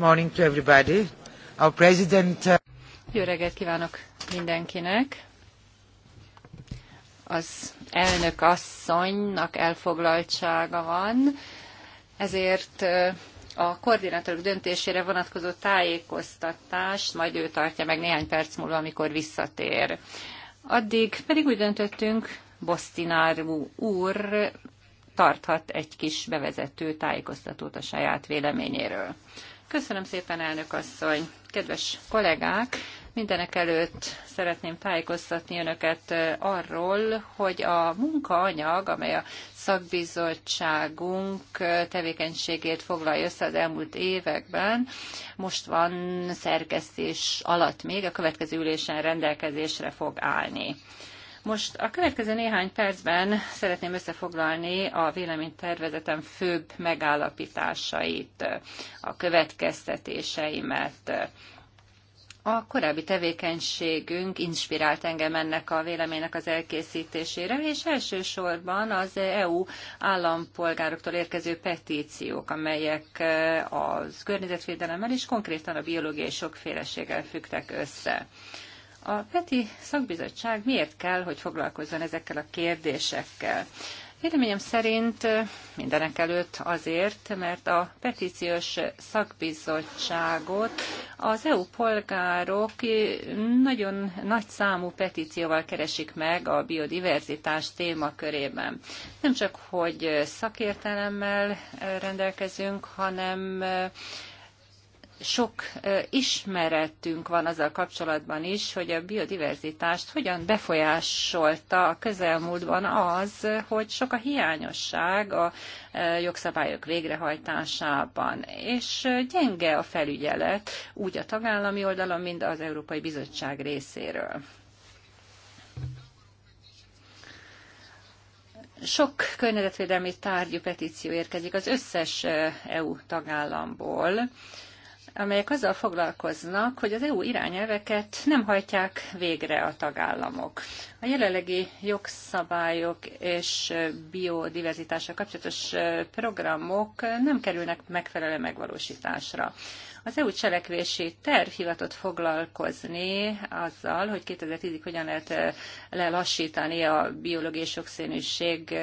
Uh, Jó reggelt kívánok mindenkinek! Az elnök asszonynak elfoglaltsága van, ezért uh, a koordinátorok döntésére vonatkozó tájékoztatást majd ő tartja meg néhány perc múlva, amikor visszatér. Addig pedig úgy döntöttünk, Bosztinárú úr tarthat egy kis bevezető tájékoztatót a saját véleményéről. Köszönöm szépen, elnök asszony! Kedves kollégák! Mindenek előtt szeretném tájékoztatni önöket arról, hogy a munkaanyag, amely a szakbizottságunk tevékenységét foglalja össze az elmúlt években, most van szerkesztés alatt még, a következő ülésen rendelkezésre fog állni. Most a következő néhány percben szeretném összefoglalni a véleménytervezetem főbb megállapításait, a következtetéseimet. A korábbi tevékenységünk inspirált engem ennek a véleménynek az elkészítésére, és elsősorban az EU állampolgároktól érkező petíciók, amelyek e, az környezetvédelemmel és konkrétan a biológiai sokféleséggel függtek össze. A PETI szakbizottság miért kell, hogy foglalkozzon ezekkel a kérdésekkel? Véleményem szerint mindenek előtt azért, mert a petíciós szakbizottságot az EU polgárok nagyon nagy számú petícióval keresik meg a biodiverzitás témakörében. Nem csak, hogy szakértelemmel rendelkezünk, hanem sok ismeretünk van azzal kapcsolatban is, hogy a biodiverzitást hogyan befolyásolta a közelmúltban az, hogy sok a hiányosság a jogszabályok végrehajtásában, és gyenge a felügyelet úgy a tagállami oldalon, mint az Európai Bizottság részéről. Sok környezetvédelmi tárgyú petíció érkezik az összes EU tagállamból, amelyek azzal foglalkoznak, hogy az EU irányelveket nem hajtják végre a tagállamok. A jelenlegi jogszabályok és biodiverzitással kapcsolatos programok nem kerülnek megfelelő megvalósításra. Az EU cselekvési terv hivatott foglalkozni azzal, hogy 2010-ig hogyan lehet lelassítani a biológiai sokszínűség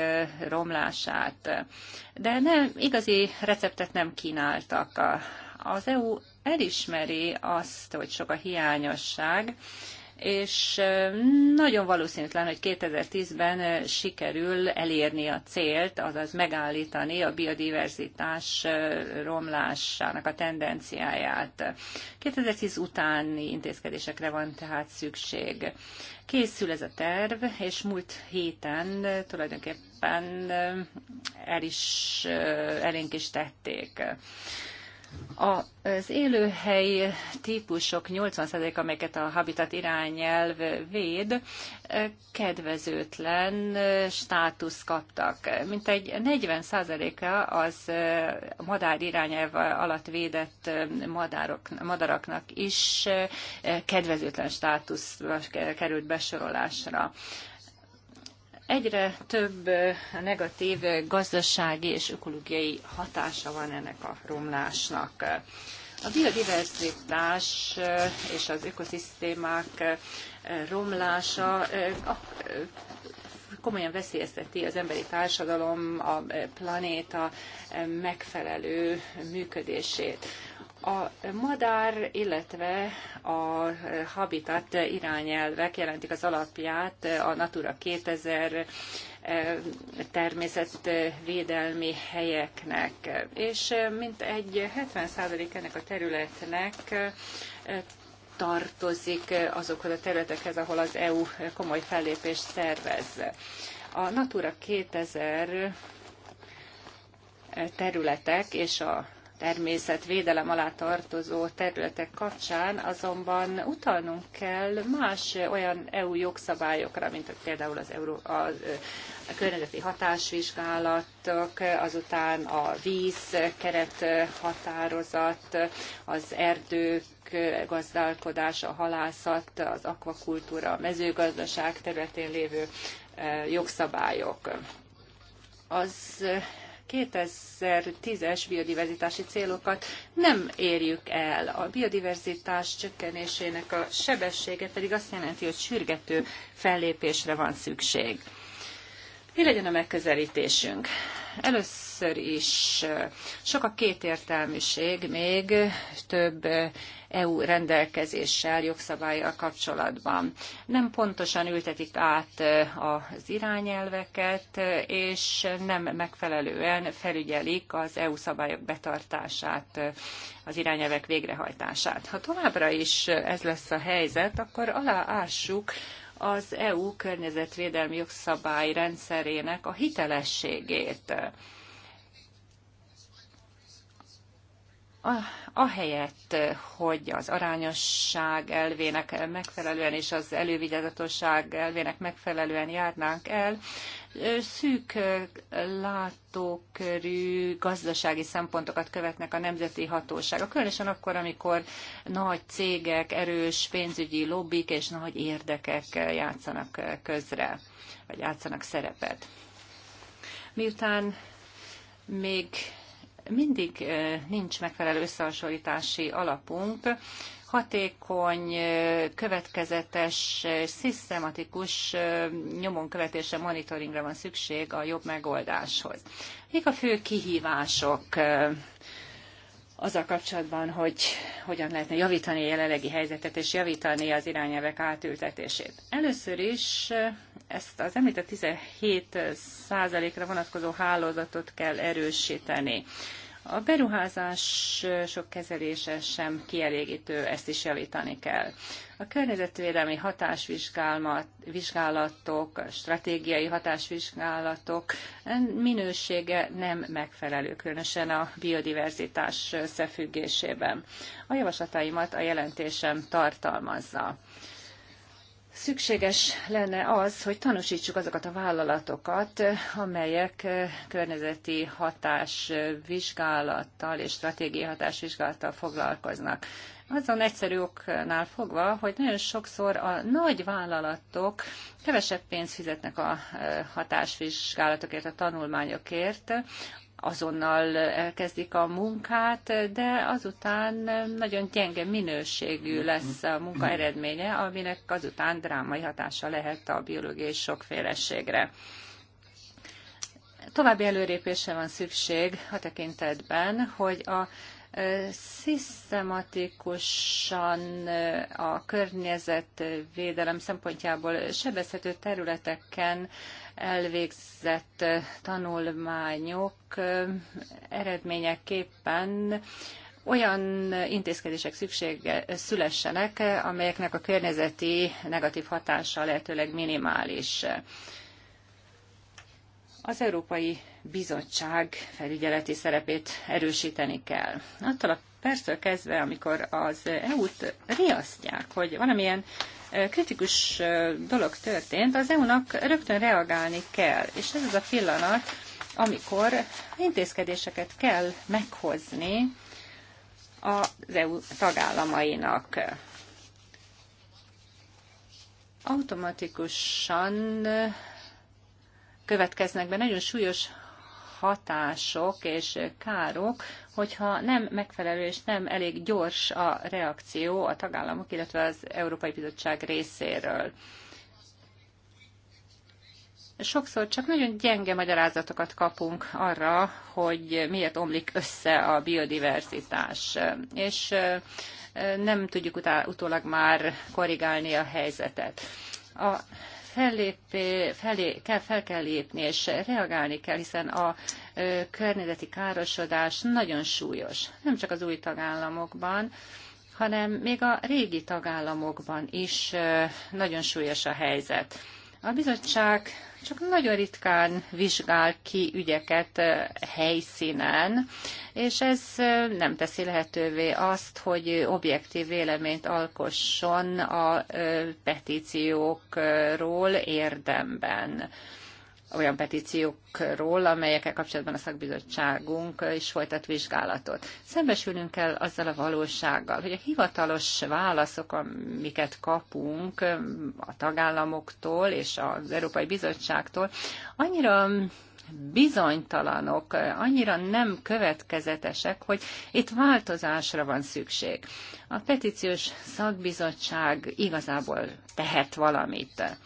romlását. De nem, igazi receptet nem kínáltak a az EU elismeri azt, hogy sok a hiányosság, és nagyon valószínűtlen, hogy 2010-ben sikerül elérni a célt, azaz megállítani a biodiverzitás romlásának a tendenciáját. 2010 utáni intézkedésekre van tehát szükség. Készül ez a terv, és múlt héten tulajdonképpen el is, elénk is tették. Az élőhely típusok 80%-a, amelyeket a Habitat irányelv véd, kedvezőtlen státusz kaptak. Mint egy 40%-a az madár irányelv alatt védett madárok, madaraknak is kedvezőtlen státusz került besorolásra. Egyre több a negatív gazdasági és ökológiai hatása van ennek a romlásnak. A biodiverzitás és az ökoszisztémák romlása komolyan veszélyezteti az emberi társadalom, a planéta megfelelő működését. A madár, illetve a habitat irányelvek jelentik az alapját a Natura 2000 eh, természetvédelmi helyeknek. És eh, mint egy 70% ennek a területnek eh, tartozik azokhoz a területekhez, ahol az EU komoly fellépést szervez. A Natura 2000 területek és a természetvédelem alá tartozó területek kapcsán azonban utalnunk kell más olyan EU jogszabályokra, mint például az, Euró, a, a környezeti hatásvizsgálatok, azután a víz keret határozat, az erdők gazdálkodása, a halászat, az akvakultúra, a mezőgazdaság területén lévő eh, jogszabályok. Az 2010-es biodiverzitási célokat nem érjük el. A biodiverzitás csökkenésének a sebessége pedig azt jelenti, hogy sürgető fellépésre van szükség. Mi legyen a megközelítésünk? Először is sok a kétértelműség, még több EU rendelkezéssel, jogszabályjal kapcsolatban. Nem pontosan ültetik át az irányelveket, és nem megfelelően felügyelik az EU szabályok betartását, az irányelvek végrehajtását. Ha továbbra is ez lesz a helyzet, akkor aláássuk az EU környezetvédelmi jogszabály rendszerének a hitelességét. ahelyett, hogy az arányosság elvének megfelelően és az elővigyázatosság elvének megfelelően járnánk el, szűk látókörű gazdasági szempontokat követnek a nemzeti hatóságok, különösen akkor, amikor nagy cégek, erős pénzügyi lobbik és nagy érdekek játszanak közre, vagy játszanak szerepet. Miután még mindig nincs megfelelő összehasonlítási alapunk, hatékony, következetes, szisztematikus nyomon monitoringra van szükség a jobb megoldáshoz. Mik a fő kihívások azzal kapcsolatban, hogy hogyan lehetne javítani a jelenlegi helyzetet és javítani az irányelvek átültetését. Először is ezt az említett 17 ra vonatkozó hálózatot kell erősíteni. A beruházások kezelése sem kielégítő, ezt is javítani kell. A környezetvédelmi hatásvizsgálatok, stratégiai hatásvizsgálatok minősége nem megfelelő, különösen a biodiverzitás összefüggésében. A javaslataimat a jelentésem tartalmazza. Szükséges lenne az, hogy tanúsítsuk azokat a vállalatokat, amelyek eh, környezeti hatás és stratégiai hatás foglalkoznak. Azon egyszerű oknál fogva, hogy nagyon sokszor a nagy vállalatok kevesebb pénzt fizetnek a eh, hatásvizsgálatokért, a tanulmányokért, azonnal elkezdik a munkát, de azután nagyon gyenge minőségű lesz a munka eredménye, aminek azután drámai hatása lehet a biológiai sokféleségre. További előrépése van szükség a tekintetben, hogy a szisztematikusan eh, a környezetvédelem szempontjából sebezhető területeken elvégzett eh, tanulmányok eh, eredményeképpen olyan intézkedések szüksége szülessenek, amelyeknek a környezeti negatív hatása lehetőleg minimális. Az Európai Bizottság felügyeleti szerepét erősíteni kell. Attól a perctől kezdve, amikor az EU-t riasztják, hogy valamilyen kritikus dolog történt, az EU-nak rögtön reagálni kell. És ez az a pillanat, amikor intézkedéseket kell meghozni az EU tagállamainak. Automatikusan következnek be nagyon súlyos hatások és károk, hogyha nem megfelelő és nem elég gyors a reakció a tagállamok, illetve az Európai Bizottság részéről. Sokszor csak nagyon gyenge magyarázatokat kapunk arra, hogy miért omlik össze a biodiverzitás, és nem tudjuk utólag már korrigálni a helyzetet. A fellépé, felé, kell, fel kell lépni, és reagálni kell, hiszen a környezeti károsodás nagyon súlyos, nem csak az új tagállamokban, hanem még a régi tagállamokban is nagyon súlyos a helyzet. A bizottság csak nagyon ritkán vizsgál ki ügyeket eh, helyszínen, és ez eh, nem teszi lehetővé azt, hogy objektív véleményt alkosson a eh, petíciókról érdemben olyan petíciókról, amelyekkel kapcsolatban a szakbizottságunk is folytat vizsgálatot. Szembesülnünk kell azzal a valósággal, hogy a hivatalos válaszok, amiket kapunk a tagállamoktól és az Európai Bizottságtól, annyira bizonytalanok, annyira nem következetesek, hogy itt változásra van szükség. A petíciós szakbizottság igazából tehet valamit.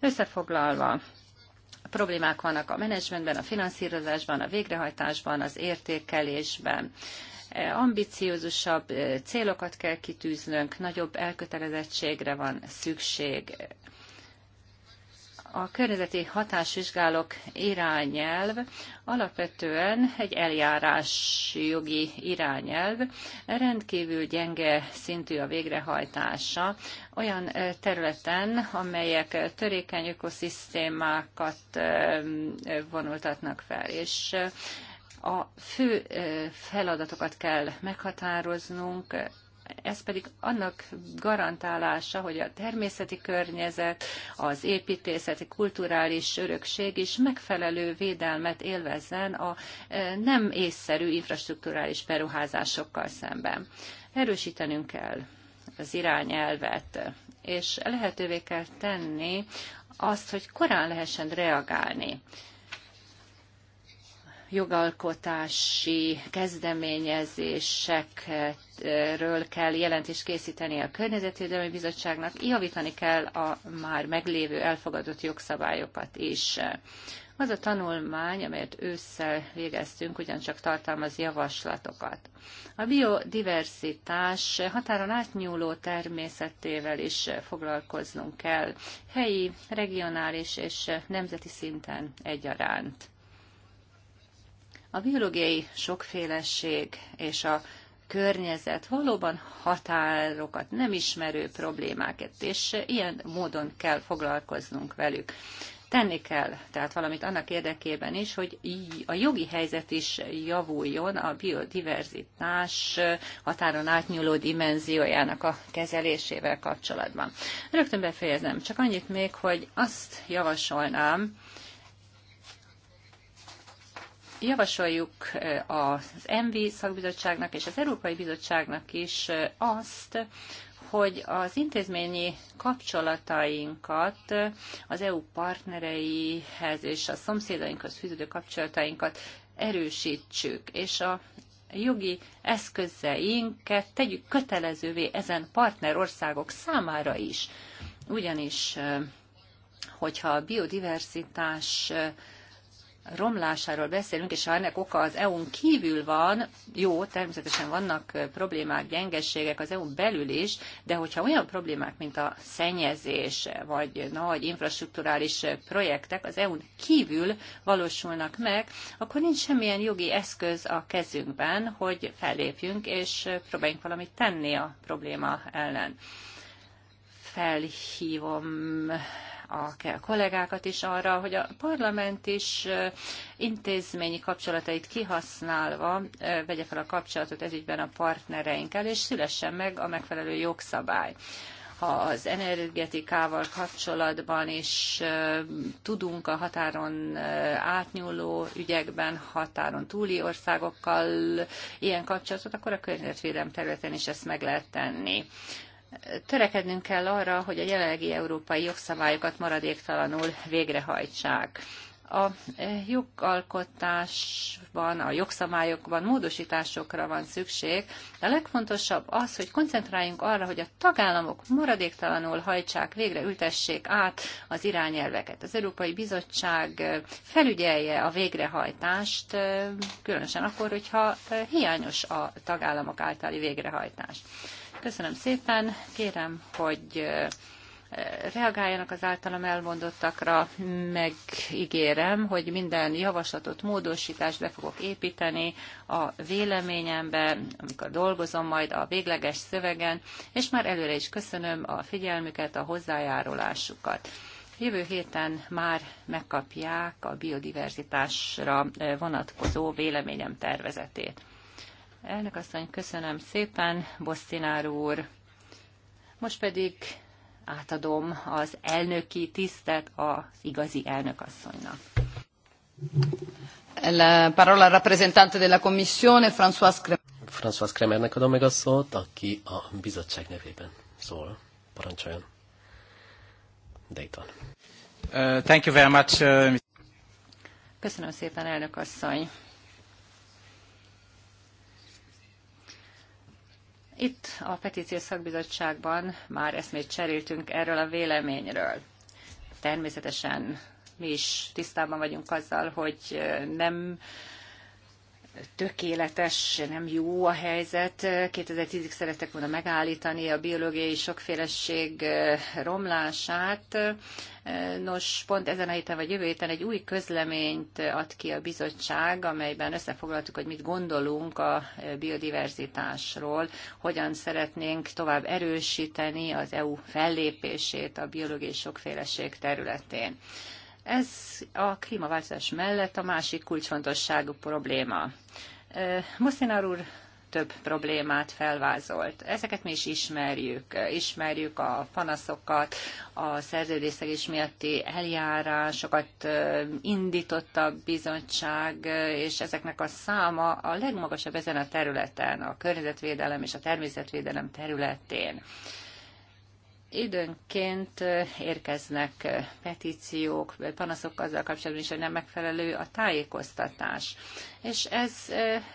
Összefoglalva, problémák vannak a menedzsmentben, a finanszírozásban, a végrehajtásban, az értékelésben eh, ambiciózusabb eh, célokat kell kitűznünk, nagyobb elkötelezettségre van szükség. A környezeti hatásvizsgálók irányelv alapvetően egy eljárási jogi irányelv, rendkívül gyenge szintű a végrehajtása olyan területen, amelyek törékeny ökoszisztémákat vonultatnak fel, és a fő feladatokat kell meghatároznunk, ez pedig annak garantálása, hogy a természeti környezet, az építészeti, kulturális örökség is megfelelő védelmet élvezzen a e, nem észszerű infrastruktúrális beruházásokkal szemben. Erősítenünk kell az irányelvet, és lehetővé kell tenni azt, hogy korán lehessen reagálni jogalkotási kezdeményezésekről kell jelentést készíteni a Környezetvédelmi Bizottságnak, javítani kell a már meglévő elfogadott jogszabályokat is. Az a tanulmány, amelyet ősszel végeztünk, ugyancsak tartalmaz javaslatokat. A biodiverzitás határon átnyúló természetével is foglalkoznunk kell, helyi, regionális és nemzeti szinten egyaránt. A biológiai sokféleség és a környezet valóban határokat nem ismerő problémákat, és ilyen módon kell foglalkoznunk velük. Tenni kell tehát valamit annak érdekében is, hogy a jogi helyzet is javuljon a biodiverzitás határon átnyúló dimenziójának a kezelésével kapcsolatban. Rögtön befejezem, csak annyit még, hogy azt javasolnám, javasoljuk eh, az ENVI szakbizottságnak és az Európai Bizottságnak is eh, azt, hogy az intézményi kapcsolatainkat, az EU partnereihez és a szomszédainkhoz fűződő kapcsolatainkat erősítsük, és a jogi eszközeinket tegyük kötelezővé ezen partnerországok számára is. Ugyanis, eh, hogyha a biodiverzitás romlásáról beszélünk, és ha ennek oka az EU-n kívül van, jó, természetesen vannak problémák, gyengességek az EU-n belül is, de hogyha olyan problémák, mint a szennyezés, vagy nagy infrastruktúrális projektek az EU-n kívül valósulnak meg, akkor nincs semmilyen jogi eszköz a kezünkben, hogy fellépjünk, és próbáljunk valamit tenni a probléma ellen felhívom a kollégákat is arra, hogy a parlament is intézményi kapcsolatait kihasználva vegye fel a kapcsolatot ezügyben a partnereinkkel, és szülessen meg a megfelelő jogszabály ha az energetikával kapcsolatban is tudunk a határon átnyúló ügyekben, határon túli országokkal ilyen kapcsolatot, akkor a környezetvédelem területen is ezt meg lehet tenni törekednünk kell arra, hogy a jelenlegi európai jogszabályokat maradéktalanul végrehajtsák. A jogalkotásban, a jogszabályokban módosításokra van szükség, de a legfontosabb az, hogy koncentráljunk arra, hogy a tagállamok maradéktalanul hajtsák végre, ültessék át az irányelveket. Az Európai Bizottság felügyelje a végrehajtást, különösen akkor, hogyha hiányos a tagállamok általi végrehajtás. Köszönöm szépen, kérem, hogy reagáljanak az általam elmondottakra, megígérem, hogy minden javaslatot, módosítást be fogok építeni a véleményembe, amikor dolgozom majd a végleges szövegen, és már előre is köszönöm a figyelmüket, a hozzájárulásukat. Jövő héten már megkapják a biodiverzitásra vonatkozó véleményem tervezetét. Elnök asszony, köszönöm szépen, Bosztinár úr. Most pedig átadom az elnöki tisztet az igazi asszonynak. La eh, parola rappresentante della Commissione, François Kremer. François Kremernek adom meg a szót, aki a bizottság nevében szól. Parancsoljon. Dayton. Uh, thank you very much. Uh... Köszönöm szépen, elnök asszony. Itt a petíciós szakbizottságban már eszmét cseréltünk erről a véleményről. Természetesen mi is tisztában vagyunk azzal, hogy eh, nem tökéletes, nem jó a helyzet. 2010-ig szerettek volna megállítani a biológiai sokféleség romlását. Nos, pont ezen a héten vagy jövő héten egy új közleményt ad ki a bizottság, amelyben összefoglaltuk, hogy mit gondolunk a biodiverzitásról, hogyan szeretnénk tovább erősíteni az EU fellépését a biológiai sokféleség területén. Ez a klímaváltozás mellett a másik kulcsfontosságú probléma. Muszinar úr több problémát felvázolt. Ezeket mi is ismerjük. Ismerjük a panaszokat, a szerződésszegés miatti eljárásokat indított a bizottság, és ezeknek a száma a legmagasabb ezen a területen, a környezetvédelem és a természetvédelem területén. Időnként érkeznek petíciók, panaszok azzal kapcsolatban is, hogy nem megfelelő a tájékoztatás és ez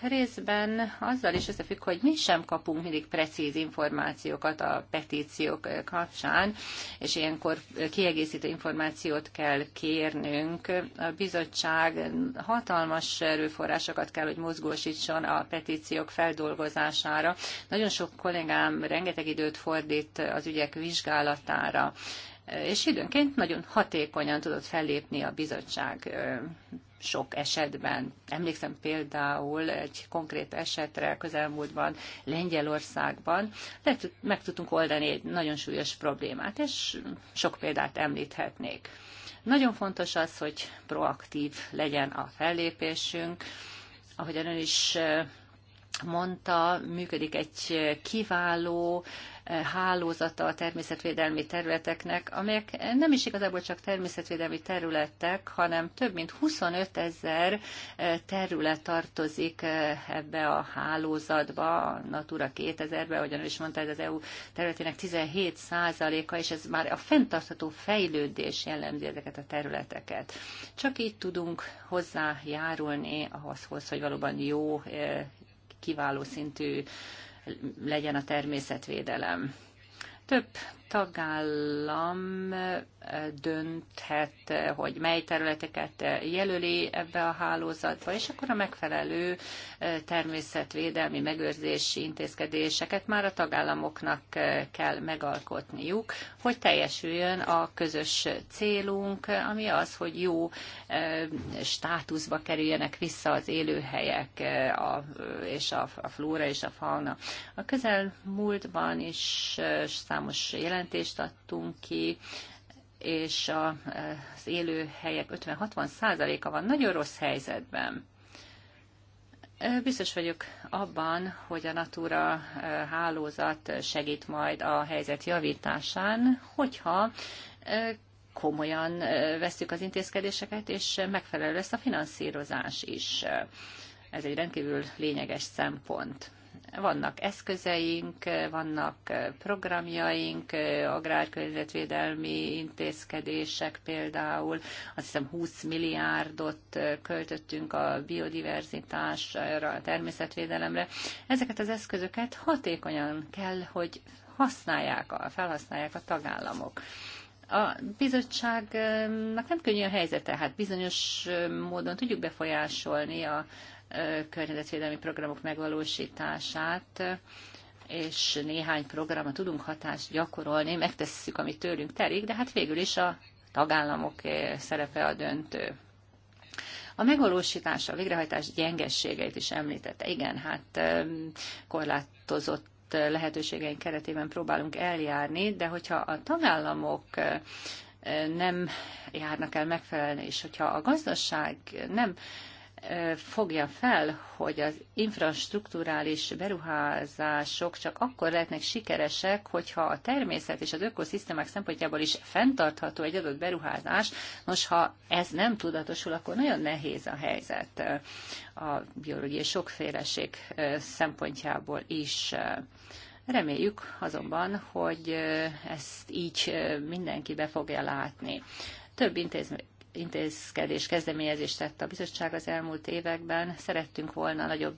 részben azzal is összefügg, hogy mi sem kapunk mindig precíz információkat a petíciók kapcsán, és ilyenkor kiegészítő információt kell kérnünk. A bizottság hatalmas erőforrásokat kell, hogy mozgósítson a petíciók feldolgozására. Nagyon sok kollégám rengeteg időt fordít az ügyek vizsgálatára és időnként nagyon hatékonyan tudott fellépni a bizottság sok esetben. Emlékszem például egy konkrét esetre közelmúltban Lengyelországban, de meg tudtunk oldani egy nagyon súlyos problémát, és sok példát említhetnék. Nagyon fontos az, hogy proaktív legyen a fellépésünk. Ahogyan ön is mondta, működik egy kiváló hálózata a természetvédelmi területeknek, amelyek nem is igazából csak természetvédelmi területek, hanem több mint 25 ezer eh, terület tartozik eh, ebbe a hálózatba, a Natura 2000-be, ahogyan is mondta, ez az EU területének 17 százaléka, és ez már a fenntartható fejlődés jellemzi ezeket a területeket. Csak így tudunk hozzájárulni ahhoz, hogy valóban jó eh, kiváló szintű legyen a természetvédelem. Több tagállam eh, dönthet, eh, hogy mely területeket eh, jelöli ebbe a hálózatba, és akkor a megfelelő természetvédelmi megőrzési intézkedéseket már a tagállamoknak kell megalkotniuk, hogy teljesüljön a közös célunk, ami az, hogy jó státuszba kerüljenek vissza az élőhelyek a, és a, a flóra és a fauna. A közelmúltban is számos jelent jelentést adtunk ki, és a, az élőhelyek 50-60%-a van nagyon rossz helyzetben. Biztos vagyok abban, hogy a Natura hálózat segít majd a helyzet javításán, hogyha komolyan veszük az intézkedéseket, és megfelelő lesz a finanszírozás is. Ez egy rendkívül lényeges szempont. Vannak eszközeink, vannak programjaink, agrárkörnyezetvédelmi intézkedések például. Azt hiszem 20 milliárdot költöttünk a biodiverzitásra, a természetvédelemre. Ezeket az eszközöket hatékonyan kell, hogy használják, felhasználják a tagállamok. A bizottságnak nem könnyű a helyzete, hát bizonyos módon tudjuk befolyásolni a környezetvédelmi programok megvalósítását, és néhány programra tudunk hatást gyakorolni, megtesszük, amit tőlünk telik, de hát végül is a tagállamok szerepe a döntő. A megvalósítása, a végrehajtás gyengességeit is említette. Igen, hát korlátozott lehetőségeink keretében próbálunk eljárni, de hogyha a tagállamok nem járnak el megfelelően, és hogyha a gazdaság nem fogja fel, hogy az infrastruktúrális beruházások csak akkor lehetnek sikeresek, hogyha a természet és az ökoszisztémák szempontjából is fenntartható egy adott beruházás. Nos, ha ez nem tudatosul, akkor nagyon nehéz a helyzet a biológiai sokféleség szempontjából is. Reméljük azonban, hogy ezt így mindenki be fogja látni. Több intézmény intézkedés kezdeményezést tett a bizottság az elmúlt években. Szerettünk volna nagyobb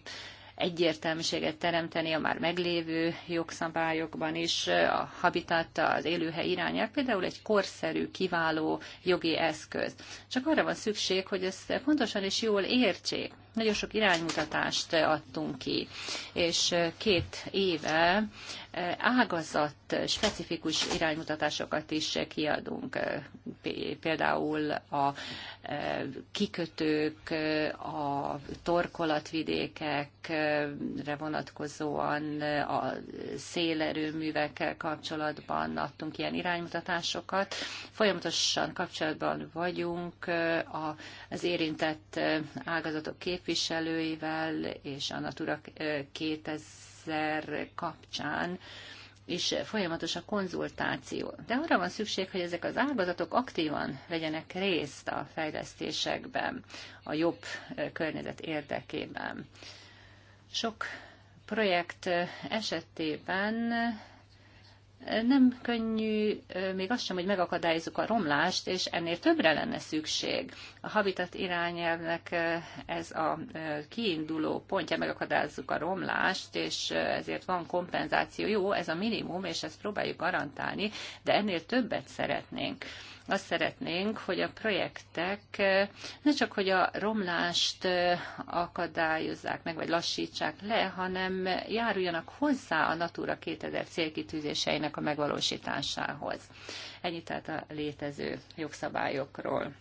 egyértelműséget teremteni a már meglévő jogszabályokban is, a habitat, az élőhely irányát, például egy korszerű, kiváló jogi eszköz. Csak arra van szükség, hogy ezt pontosan és jól értsék. Nagyon sok iránymutatást adtunk ki, és két éve eh, ágazat specifikus iránymutatásokat is kiadunk. Eh, például a eh, kikötők, a torkolatvidékekre vonatkozóan, a szélerőművekkel kapcsolatban adtunk ilyen iránymutatásokat. Folyamatosan kapcsolatban vagyunk az érintett ágazatok képviselőkkel, képviselőivel és a Natura 2000 kapcsán és folyamatos a konzultáció. De arra van szükség, hogy ezek az ágazatok aktívan vegyenek részt a fejlesztésekben, a jobb eh, környezet érdekében. Sok projekt eh, esetében nem könnyű még azt sem, hogy megakadályozzuk a romlást, és ennél többre lenne szükség. A habitat irányelvnek ez a kiinduló pontja, megakadályozzuk a romlást, és ezért van kompenzáció. Jó, ez a minimum, és ezt próbáljuk garantálni, de ennél többet szeretnénk. Azt szeretnénk, hogy a projektek eh, ne csak, hogy a romlást eh, akadályozzák meg, vagy lassítsák le, hanem járuljanak hozzá a Natura 2000 célkitűzéseinek a megvalósításához. Ennyit tehát a létező jogszabályokról.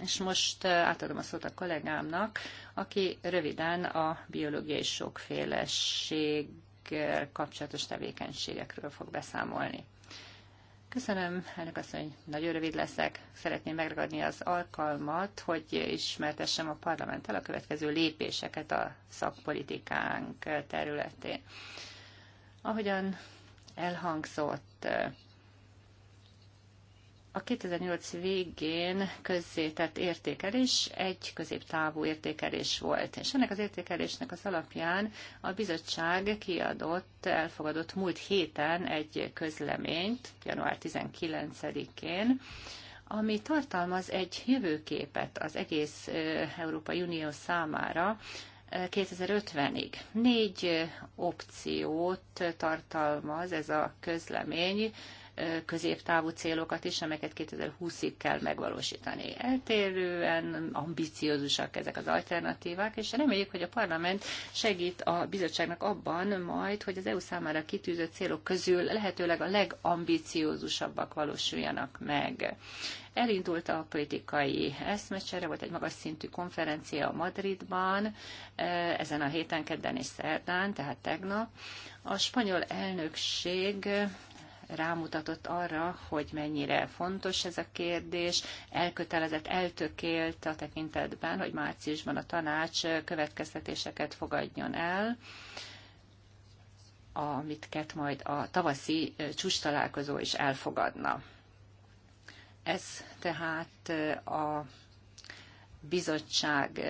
És most eh, átadom a szót a kollégámnak, aki röviden a biológiai sokféleség kapcsolatos tevékenységekről fog beszámolni. Köszönöm, elnök asszony, nagyon rövid leszek. Szeretném megragadni az alkalmat, hogy ismertessem a parlamenttel a következő lépéseket a szakpolitikánk területén. Ahogyan elhangzott, a 2008 végén közzétett értékelés egy középtávú értékelés volt, és ennek az értékelésnek az alapján a bizottság kiadott, elfogadott múlt héten egy közleményt, január 19-én, ami tartalmaz egy jövőképet az egész Európai Unió számára, 2050-ig. Négy opciót tartalmaz ez a közlemény, középtávú célokat is, amelyeket 2020-ig kell megvalósítani. Eltérően ambiciózusak ezek az alternatívák, és reméljük, hogy a parlament segít a bizottságnak abban majd, hogy az EU számára kitűzött célok közül lehetőleg a legambiciózusabbak valósuljanak meg. Elindult a politikai eszmecsere, volt egy magas szintű konferencia a Madridban, e, ezen a héten, kedden és szerdán, tehát tegnap. A spanyol elnökség rámutatott arra, hogy mennyire fontos ez a kérdés, elkötelezett, eltökélt a tekintetben, hogy márciusban a tanács következtetéseket fogadjon el, amiket majd a tavaszi csúcs találkozó is elfogadna. Ez tehát a bizottság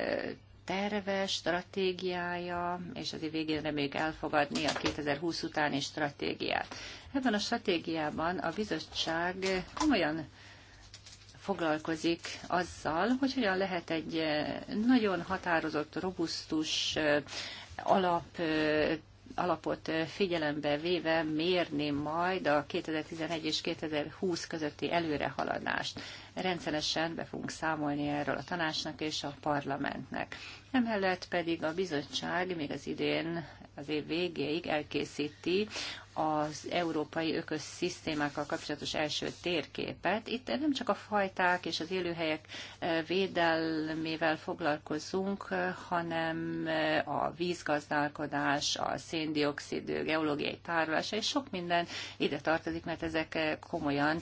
terve, stratégiája, és azért végén reméljük elfogadni a 2020 utáni stratégiát. Ebben a stratégiában a bizottság komolyan foglalkozik azzal, hogy hogyan lehet egy nagyon határozott, robusztus alap alapot figyelembe véve mérni majd a 2011 és 2020 közötti előrehaladást. Rendszeresen be fogunk számolni erről a tanácsnak és a parlamentnek. Emellett pedig a bizottság még az idén az év végéig elkészíti az európai ökoszisztémákkal kapcsolatos első térképet. Itt nem csak a fajták és az élőhelyek eh, védelmével foglalkozunk, eh, hanem eh, a vízgazdálkodás, a széndiokszid, geológiai tárolása, és sok minden ide tartozik, mert ezek komolyan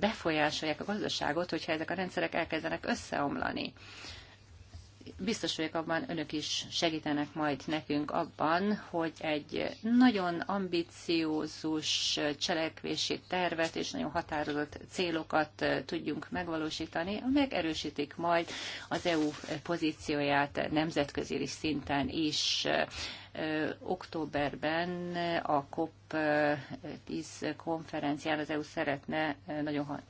befolyásolják a gazdaságot, hogyha ezek a rendszerek elkezdenek összeomlani biztos vagyok abban, önök is segítenek majd nekünk abban, hogy egy nagyon ambiciózus cselekvési tervet és nagyon határozott célokat eh, tudjunk megvalósítani, amelyek erősítik majd az EU pozícióját nemzetközi szinten is Októberben a COP10 konferencián az EU szeretne nagyon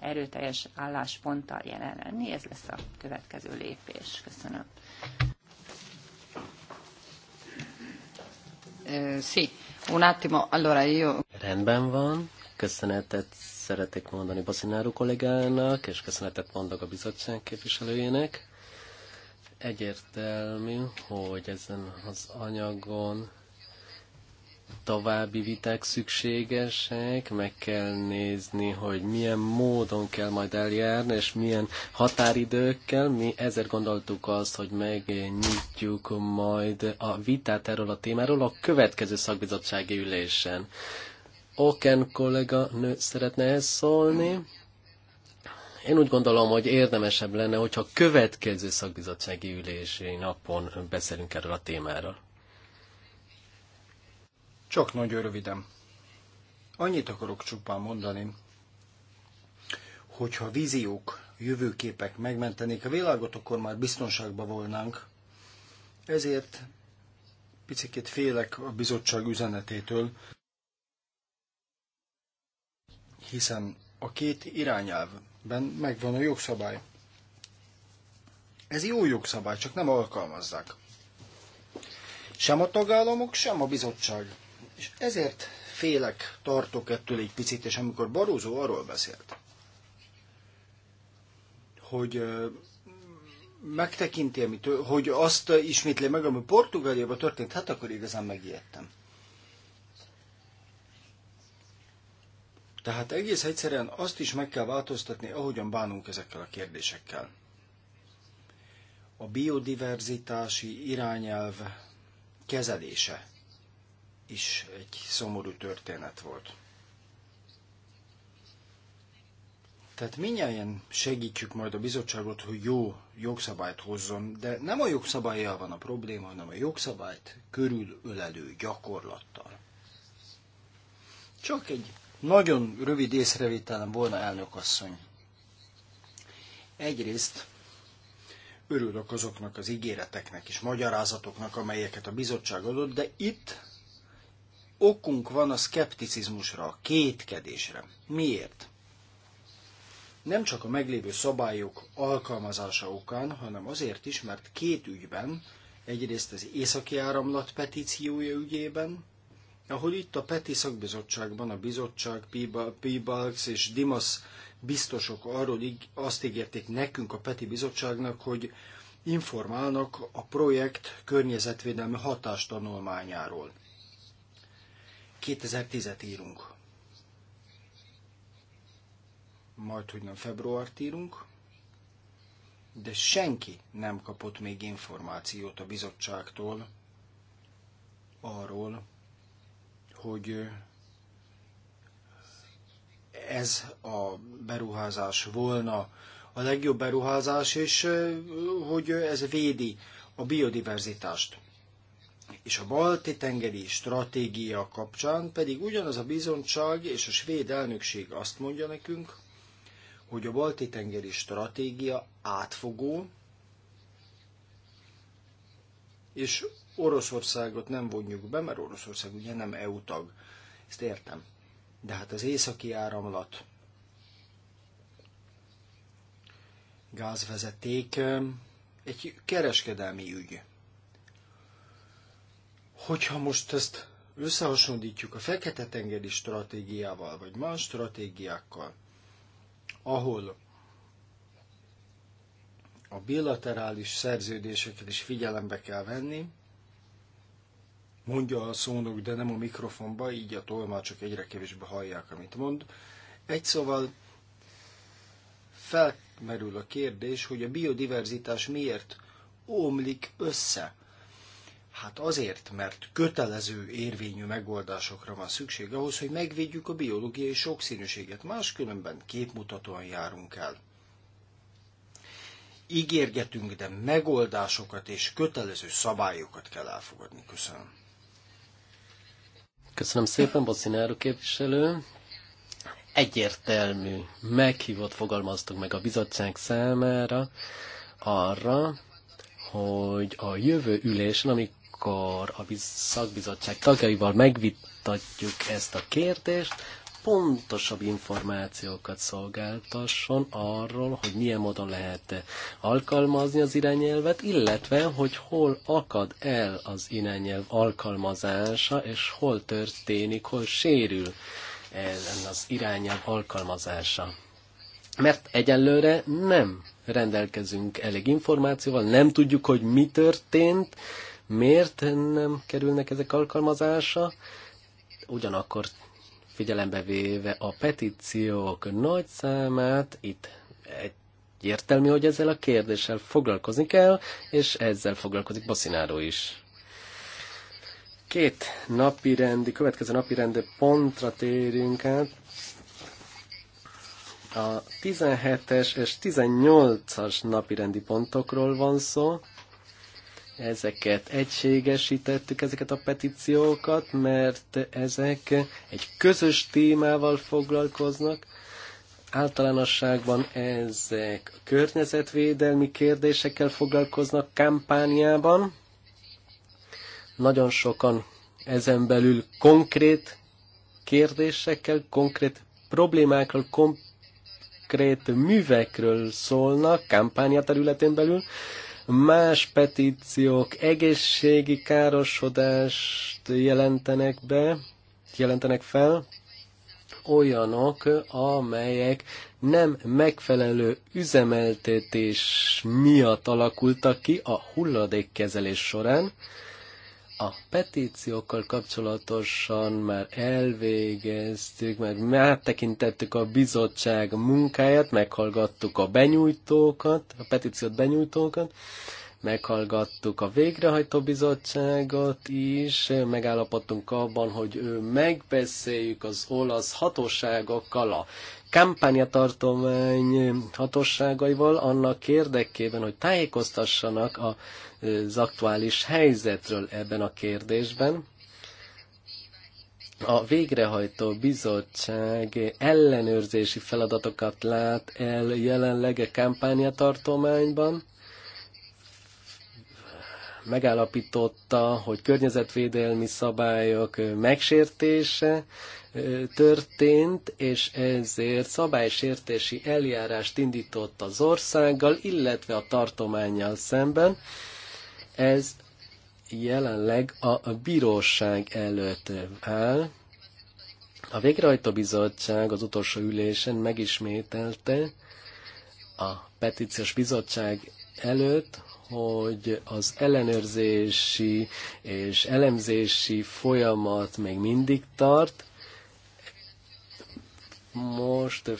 erőteljes állásponttal jelen lenni. Ez lesz a következő lépés. Köszönöm. Sí, un attimo, allora io... Rendben van, köszönetet szeretek mondani Baszináru kollégának, és köszönetet mondok a bizottság képviselőjének. Egyértelmű, hogy ezen az anyagon további viták szükségesek, meg kell nézni, hogy milyen módon kell majd eljárni, és milyen határidőkkel. Mi ezért gondoltuk azt, hogy megnyitjuk majd a vitát erről a témáról a következő szakbizottsági ülésen. Oken kollega nő szeretne ezt szólni, én úgy gondolom, hogy érdemesebb lenne, hogyha a következő szakbizottsági ülési napon beszélünk erről a témáról. Csak nagyon röviden. Annyit akarok csupán mondani, hogyha víziók, jövőképek megmentenék a világot, akkor már biztonságban volnánk. Ezért picit félek a bizottság üzenetétől, hiszen a két irányelv megvan a jogszabály. Ez jó jogszabály, csak nem alkalmazzák. Sem a tagállamok, sem a bizottság. És ezért félek, tartok ettől egy picit, és amikor Barózó arról beszélt, hogy megtekinti, hogy azt ismétli meg, ami Portugáliában történt, hát akkor igazán megijedtem. Tehát egész egyszerűen azt is meg kell változtatni, ahogyan bánunk ezekkel a kérdésekkel. A biodiverzitási irányelv kezelése is egy szomorú történet volt. Tehát minnyáján segítjük majd a bizottságot, hogy jó jogszabályt hozzon, de nem a jogszabályjal van a probléma, hanem a jogszabályt körülölelő gyakorlattal. Csak egy nagyon rövid észrevételem volna, elnök asszony. Egyrészt örülök azoknak az ígéreteknek és magyarázatoknak, amelyeket a bizottság adott, de itt okunk van a szkepticizmusra, a kétkedésre. Miért? Nem csak a meglévő szabályok alkalmazása okán, hanem azért is, mert két ügyben, egyrészt az északi áramlat petíciója ügyében, ahol itt a PETI szakbizottságban a bizottság, p és Dimas biztosok arról így azt ígérték nekünk a PETI bizottságnak, hogy informálnak a projekt környezetvédelmi hatástanulmányáról. 2010-et írunk. Majd, hogy nem februárt írunk, de senki nem kapott még információt a bizottságtól arról, hogy ez a beruházás volna a legjobb beruházás, és hogy ez védi a biodiverzitást. És a balti tengeri stratégia kapcsán pedig ugyanaz a bizonyság és a svéd elnökség azt mondja nekünk, hogy a balti tengeri stratégia átfogó, és Oroszországot nem vonjuk be, mert Oroszország ugye nem EU tag. Ezt értem. De hát az északi áramlat gázvezeték egy kereskedelmi ügy. Hogyha most ezt összehasonlítjuk a Fekete-tengeri stratégiával, vagy más stratégiákkal, ahol a bilaterális szerződéseket is figyelembe kell venni, mondja a szónok, de nem a mikrofonba, így a tolmácsok egyre kevésbé hallják, amit mond. Egy szóval felmerül a kérdés, hogy a biodiverzitás miért omlik össze. Hát azért, mert kötelező érvényű megoldásokra van szükség ahhoz, hogy megvédjük a biológiai sokszínűséget, máskülönben képmutatóan járunk el. Ígérgetünk, de megoldásokat és kötelező szabályokat kell elfogadni. Köszönöm. Köszönöm szépen, Bosszináru képviselő. Egyértelmű, meghívott fogalmaztuk meg a bizottság számára arra, hogy a jövő ülésen, amikor a szakbizottság tagjaival megvitatjuk ezt a kérdést, pontosabb információkat szolgáltasson arról, hogy milyen módon lehet alkalmazni az irányelvet, illetve hogy hol akad el az irányelv alkalmazása, és hol történik, hol sérül ellen az irányelv alkalmazása. Mert egyelőre nem rendelkezünk elég információval, nem tudjuk, hogy mi történt, miért nem kerülnek ezek alkalmazása, ugyanakkor figyelembe véve a petíciók nagy számát, itt egyértelmű, Értelmi, hogy ezzel a kérdéssel foglalkozni kell, és ezzel foglalkozik Bosszináró is. Két napi rendi, következő napi rendi pontra térünk át. A 17-es és 18-as napi rendi pontokról van szó ezeket egységesítettük, ezeket a petíciókat, mert ezek egy közös témával foglalkoznak. Általánosságban ezek környezetvédelmi kérdésekkel foglalkoznak kampányában. Nagyon sokan ezen belül konkrét kérdésekkel, konkrét problémákról, konkrét művekről szólnak kampánya területén belül, más petíciók egészségi károsodást jelentenek be, jelentenek fel, olyanok, amelyek nem megfelelő üzemeltetés miatt alakultak ki a hulladékkezelés során, a petíciókkal kapcsolatosan már elvégeztük, meg megtekintettük a bizottság munkáját, meghallgattuk a benyújtókat, a petíciót benyújtókat, meghallgattuk a végrehajtó bizottságot is, megállapodtunk abban, hogy megbeszéljük az olasz hatóságokkal, a kampányatartomány hatóságaival annak érdekében, hogy tájékoztassanak az aktuális helyzetről ebben a kérdésben. A végrehajtó bizottság ellenőrzési feladatokat lát el jelenleg a kampányatartományban megállapította, hogy környezetvédelmi szabályok megsértése történt, és ezért szabálysértési eljárást indított az országgal, illetve a tartományjal szemben. Ez jelenleg a bíróság előtt áll. A végrehajtó bizottság az utolsó ülésen megismételte a petíciós bizottság előtt, hogy az ellenőrzési és elemzési folyamat még mindig tart. Most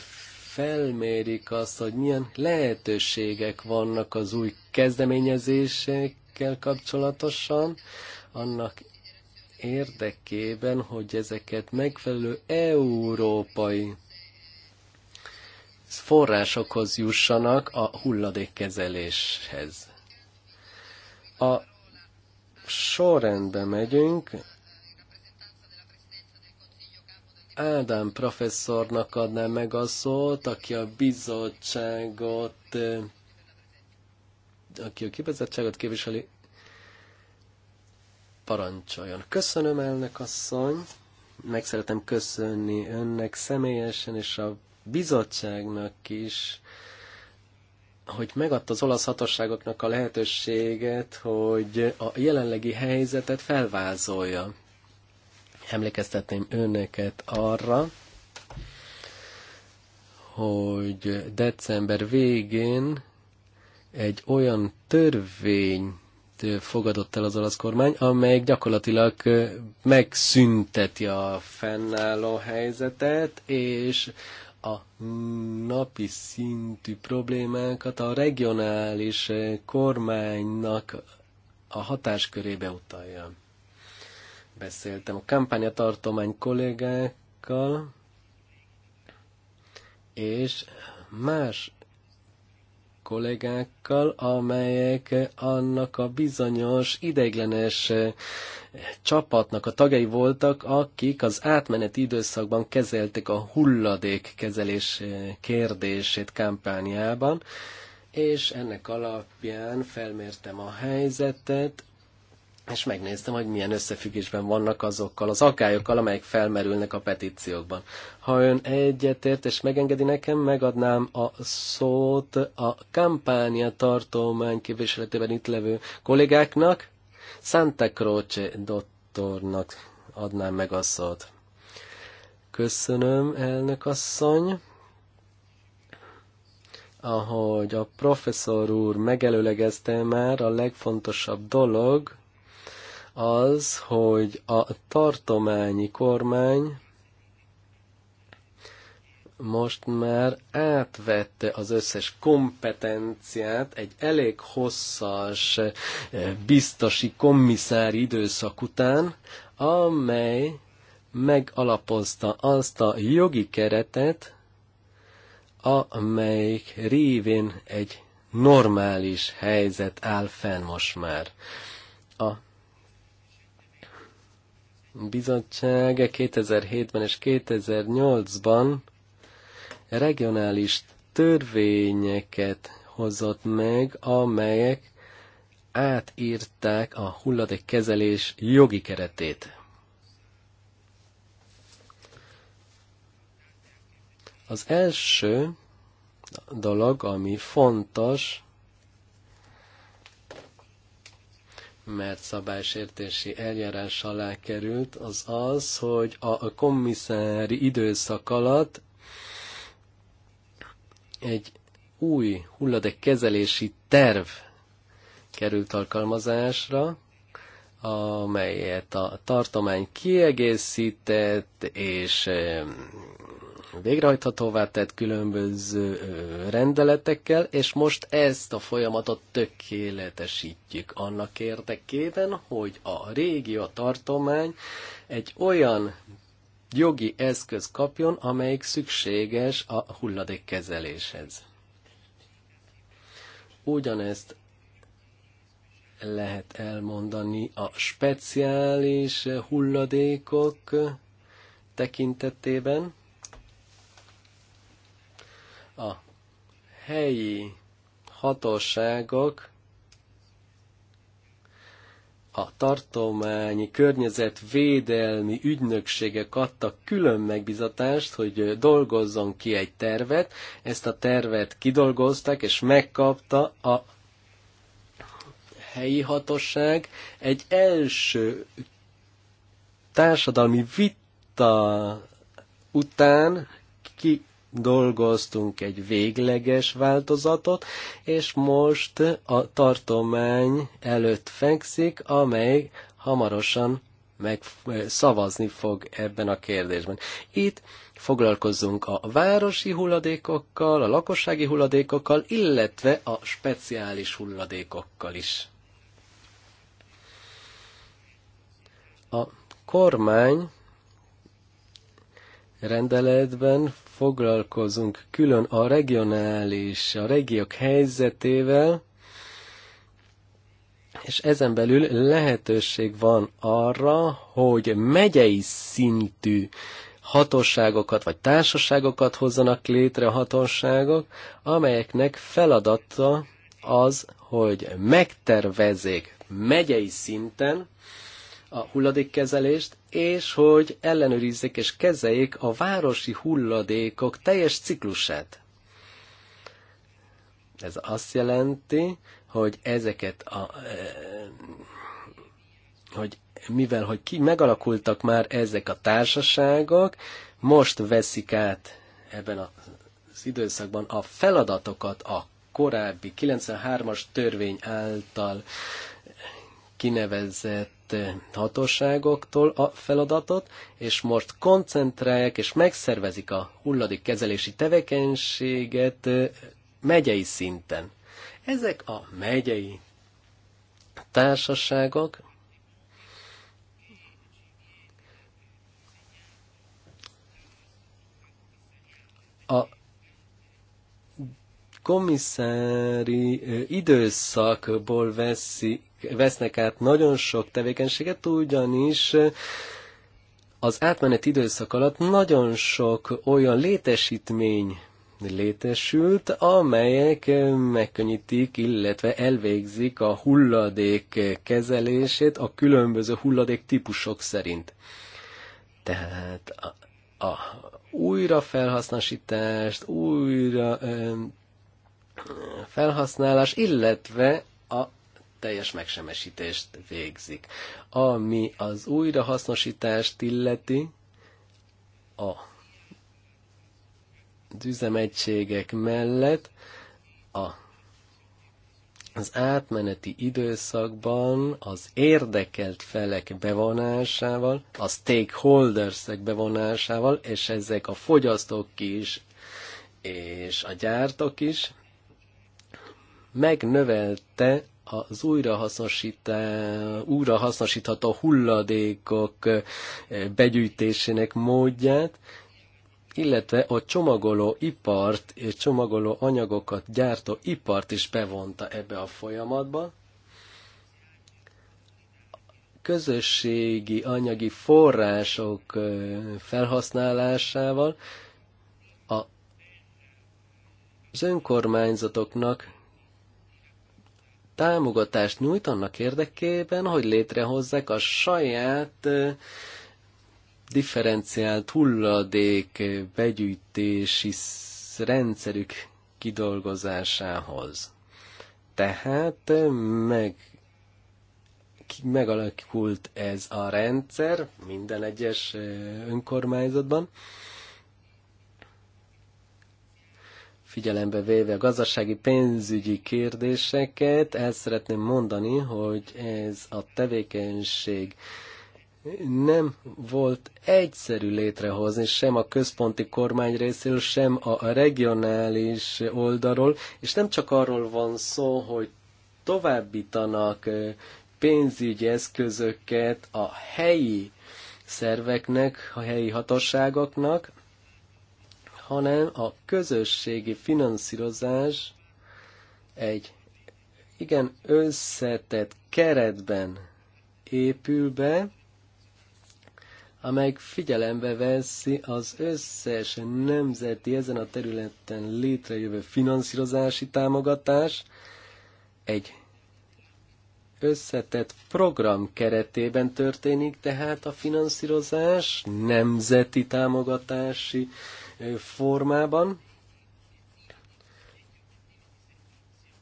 felmérik azt, hogy milyen lehetőségek vannak az új kezdeményezésekkel kapcsolatosan, annak érdekében, hogy ezeket megfelelő európai forrásokhoz jussanak a hulladékkezeléshez. A sorrendbe megyünk. Ádám professzornak adná meg a szót, aki a bizottságot, eh, aki a kibezettságot képviseli, parancsoljon. Köszönöm, elnök asszony! Meg szeretem köszönni önnek személyesen és a bizottságnak is hogy megadta az olasz hatóságoknak a lehetőséget, hogy a jelenlegi helyzetet felvázolja. Emlékeztetném önöket arra, hogy december végén egy olyan törvény fogadott el az olasz kormány, amely gyakorlatilag megszünteti a fennálló helyzetet, és a napi szintű problémákat a regionális kormánynak a hatáskörébe utalja. Beszéltem a kampányatartomány kollégákkal, és más kollégákkal, amelyek annak a bizonyos ideiglenes eh, csapatnak a tagjai voltak, akik az átmeneti időszakban kezelték a hulladékkezelés eh, kérdését kampányában, és ennek alapján felmértem a helyzetet, és megnéztem, hogy milyen összefüggésben vannak azokkal az akályokkal, amelyek felmerülnek a petíciókban. Ha ön egyetért és megengedi nekem, megadnám a szót a kampánia tartomány képviseletében itt levő kollégáknak, Santa Croce doktornak adnám meg a szót. Köszönöm, elnök asszony ahogy a professzor úr megelőlegezte már, a legfontosabb dolog az, hogy a tartományi kormány most már átvette az összes kompetenciát egy elég hosszas eh, biztosi komisszári időszak után, amely megalapozta azt a jogi keretet, amelyik révén egy normális helyzet áll fenn most már. A bizottság 2007-ben és 2008-ban regionális törvényeket hozott meg, amelyek átírták a hulladékkezelés jogi keretét. Az első dolog, ami fontos, mert szabálysértési eljárás alá került, az az, hogy a komisszári időszak alatt egy új hulladékkezelési terv került alkalmazásra, amelyet a tartomány kiegészített, és végrehajthatóvá tett különböző rendeletekkel, és most ezt a folyamatot tökéletesítjük annak érdekében, hogy a régi a tartomány egy olyan jogi eszköz kapjon, amelyik szükséges a hulladékkezeléshez. Ugyanezt lehet elmondani a speciális hulladékok tekintetében. helyi hatóságok a tartományi környezetvédelmi ügynökségek adtak külön megbizatást, hogy dolgozzon ki egy tervet. Ezt a tervet kidolgozták, és megkapta a helyi hatóság egy első társadalmi vita után ki dolgoztunk egy végleges változatot, és most a tartomány előtt fekszik, amely hamarosan meg eh, szavazni fog ebben a kérdésben. Itt foglalkozzunk a városi hulladékokkal, a lakossági hulladékokkal, illetve a speciális hulladékokkal is. A kormány rendeletben foglalkozunk külön a regionális, a regiók helyzetével, és ezen belül lehetőség van arra, hogy megyei szintű hatóságokat vagy társaságokat hozzanak létre a hatóságok, amelyeknek feladata az, hogy megtervezzék megyei szinten a hulladékkezelést, és hogy ellenőrizzék és kezeljék a városi hulladékok teljes ciklusát. Ez azt jelenti, hogy ezeket a... Eh, hogy mivel hogy ki megalakultak már ezek a társaságok, most veszik át ebben az időszakban a feladatokat a korábbi 93-as törvény által kinevezett elvett eh, hatóságoktól a feladatot, és most koncentrálják és megszervezik a hulladékkezelési tevékenységet eh, megyei szinten. Ezek a megyei társaságok a komisszári eh, időszakból veszi vesznek át nagyon sok tevékenységet, ugyanis az átmenet időszak alatt nagyon sok olyan létesítmény létesült, amelyek megkönnyítik, illetve elvégzik a hulladék kezelését a különböző hulladék típusok szerint. Tehát a, a újrafelhasznosítást, újra ö, felhasználás, illetve a teljes megsemmisítést végzik. Ami az újrahasznosítást illeti, a üzemegységek mellett a az átmeneti időszakban az érdekelt felek bevonásával, a stakeholdersek bevonásával, és ezek a fogyasztók is, és a gyártók is, megnövelte az újrahasznosítható hulladékok eh, begyűjtésének módját, illetve a csomagoló ipart és eh, csomagoló anyagokat gyártó ipart is bevonta ebbe a folyamatba. Közösségi anyagi források eh, felhasználásával az önkormányzatoknak támogatást nyújt annak érdekében, hogy létrehozzák a saját differenciált hulladék begyűjtési rendszerük kidolgozásához. Tehát meg megalakult ez a rendszer minden egyes önkormányzatban, figyelembe véve a gazdasági pénzügyi kérdéseket, el szeretném mondani, hogy ez a tevékenység nem volt egyszerű létrehozni, sem a központi kormány részéről, sem a regionális oldalról, és nem csak arról van szó, hogy továbbítanak pénzügyi eszközöket a helyi szerveknek, a helyi hatóságoknak, hanem a közösségi finanszírozás egy igen összetett keretben épül be, amely figyelembe veszi az összes nemzeti ezen a területen létrejövő finanszírozási támogatás egy összetett program keretében történik, tehát a finanszírozás nemzeti támogatási formában.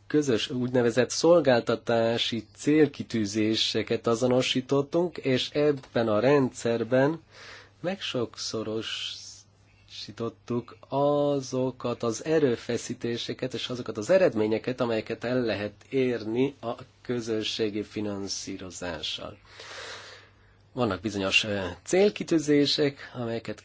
Közös úgynevezett szolgáltatási célkitűzéseket azonosítottunk, és ebben a rendszerben meg megvalósítottuk azokat az erőfeszítéseket és azokat az eredményeket, amelyeket el lehet érni a közösségi finanszírozással. Vannak bizonyos célkitűzések, amelyeket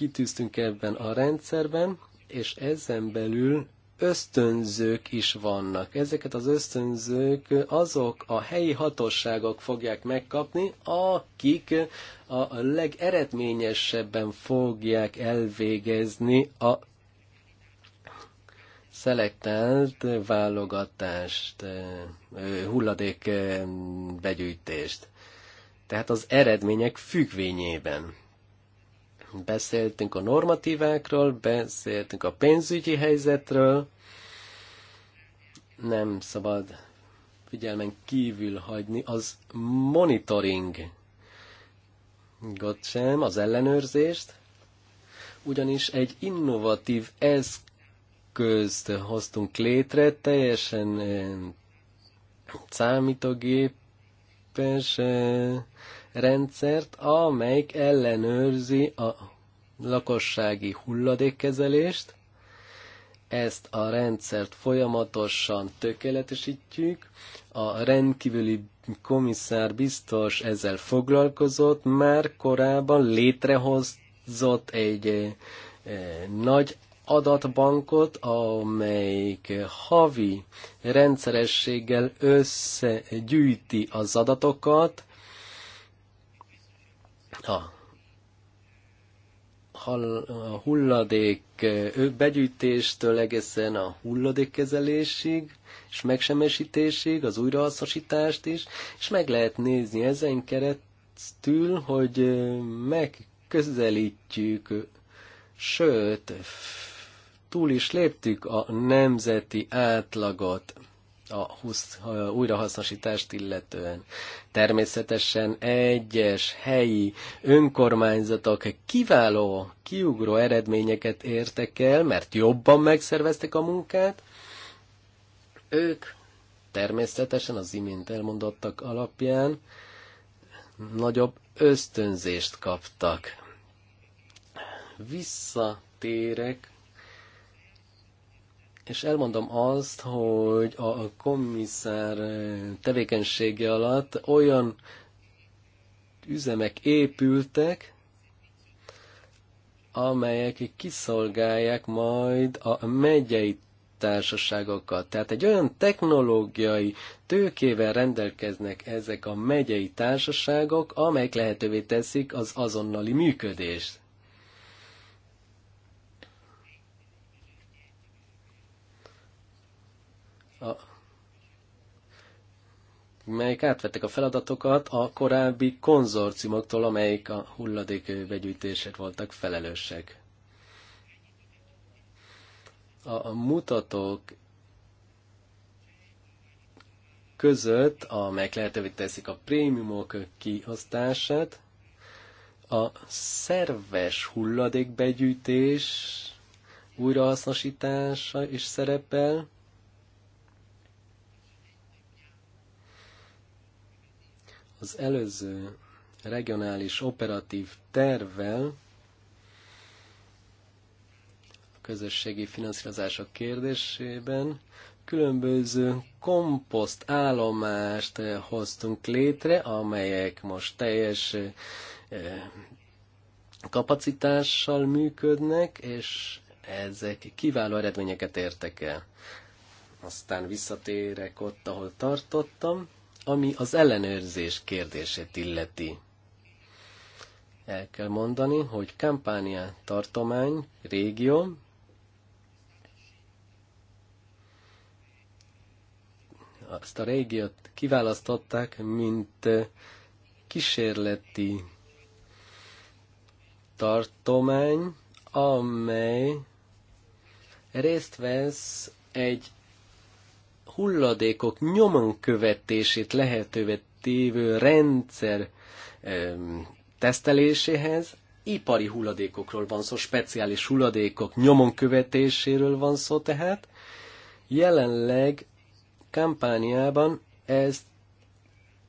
kitűztünk ebben a rendszerben, és ezen belül ösztönzők is vannak. Ezeket az ösztönzők azok a helyi hatóságok fogják megkapni, akik a legeredményesebben fogják elvégezni a szelektált válogatást, hulladék begyűjtést. Tehát az eredmények függvényében. Beszéltünk a normatívákról, beszéltünk a pénzügyi helyzetről. Nem szabad figyelmen kívül hagyni az monitoring gott sem, az ellenőrzést, ugyanis egy innovatív eszközt hoztunk létre, teljesen eh, számítógépes eh, rendszert, amelyik ellenőrzi a lakossági hulladékkezelést. Ezt a rendszert folyamatosan tökéletesítjük. A rendkívüli komisszár biztos ezzel foglalkozott, már korábban létrehozott egy eh, nagy adatbankot, amelyik havi rendszerességgel összegyűjti az adatokat, a a hulladék begyűjtéstől egészen a hulladékkezelésig, és megsemmisítésig, az újrahasznosítást is, és meg lehet nézni ezen keresztül, hogy megközelítjük, sőt, túl is léptük a nemzeti átlagot a 20 újrahasznosítást illetően. Természetesen egyes helyi önkormányzatok kiváló, kiugró eredményeket értek el, mert jobban megszerveztek a munkát. Ők természetesen az imént elmondottak alapján nagyobb ösztönzést kaptak. Visszatérek és elmondom azt, hogy a komisszár eh, tevékenysége alatt olyan üzemek épültek, amelyek kiszolgálják majd a megyei társaságokat. Tehát egy olyan technológiai tőkével rendelkeznek ezek a megyei társaságok, amelyek lehetővé teszik az azonnali működést. a, melyik átvettek a feladatokat a korábbi konzorciumoktól, amelyik a hulladék begyűjtésért voltak felelősek. A, a mutatók között, amelyek lehetővé teszik a prémiumok kiosztását, a szerves hulladékbegyűjtés újrahasznosítása is szerepel, az előző regionális operatív tervvel a közösségi finanszírozások kérdésében különböző komposzt állomást eh, hoztunk létre, amelyek most teljes eh, kapacitással működnek, és ezek kiváló eredményeket értek el. Aztán visszatérek ott, ahol tartottam ami az ellenőrzés kérdését illeti. El kell mondani, hogy Kampánia tartomány, régió, azt a régiót kiválasztották, mint eh, kísérleti tartomány, amely részt vesz egy hulladékok nyomon követését lehetővé tévő rendszer teszteléséhez ipari hulladékokról van szó, speciális hulladékok nyomon követéséről van szó tehát. Jelenleg kampányában ezt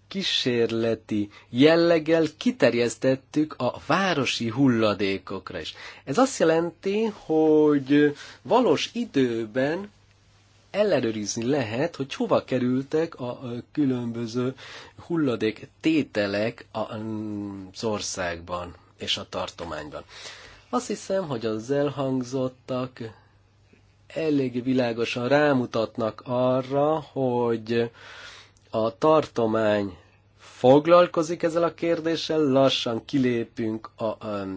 kísérleti jelleggel kiterjesztettük a városi hulladékokra is. Ez azt jelenti, hogy valós időben ellenőrizni lehet, hogy hova kerültek a különböző hulladék tételek mm, az országban és a tartományban. Azt hiszem, hogy az elhangzottak elég világosan rámutatnak arra, hogy a tartomány foglalkozik ezzel a kérdéssel, lassan kilépünk a, a, a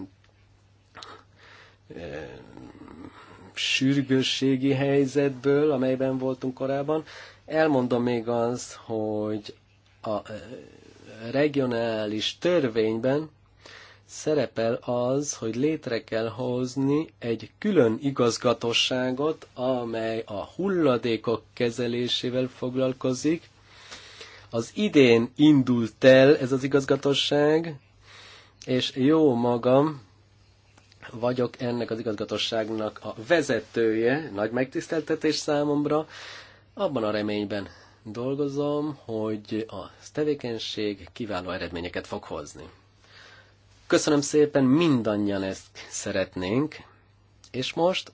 sürgősségi helyzetből, amelyben voltunk korábban. Elmondom még az, hogy a e, regionális törvényben szerepel az, hogy létre kell hozni egy külön igazgatóságot, amely a hulladékok kezelésével foglalkozik. Az idén indult el ez az igazgatóság, és jó magam, vagyok ennek az igazgatosságnak a vezetője, nagy megtiszteltetés számomra. Abban a reményben dolgozom, hogy a tevékenység kiváló eredményeket fog hozni. Köszönöm szépen, mindannyian ezt szeretnénk, és most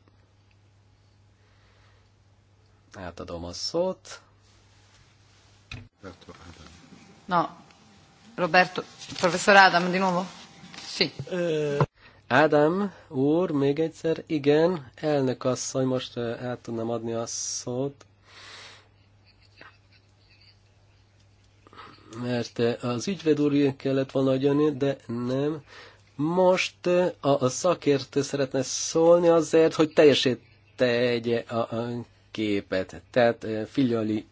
átadom a szót. Roberto Adam. No, Roberto, professor Adam, di nuovo? Sì. Uh... Ádám úr, még egyszer, igen, elnök asszony, most el tudnám adni a szót. Mert az ügyved úr kellett volna jönni, de nem. Most a, szakértő szeretne szólni azért, hogy teljesét a, képet. Tehát figyeli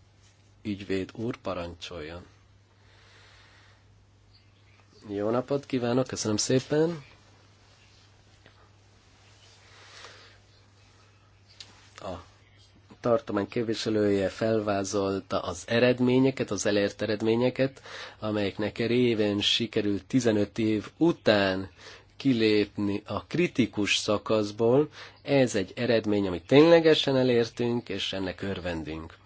ügyvéd úr parancsoljon. Jó napot kívánok, köszönöm szépen. tartomány képviselője felvázolta az eredményeket, az elért eredményeket, amelyeknek révén sikerült 15 év után kilépni a kritikus szakaszból. Ez egy eredmény, amit ténylegesen elértünk, és ennek örvendünk.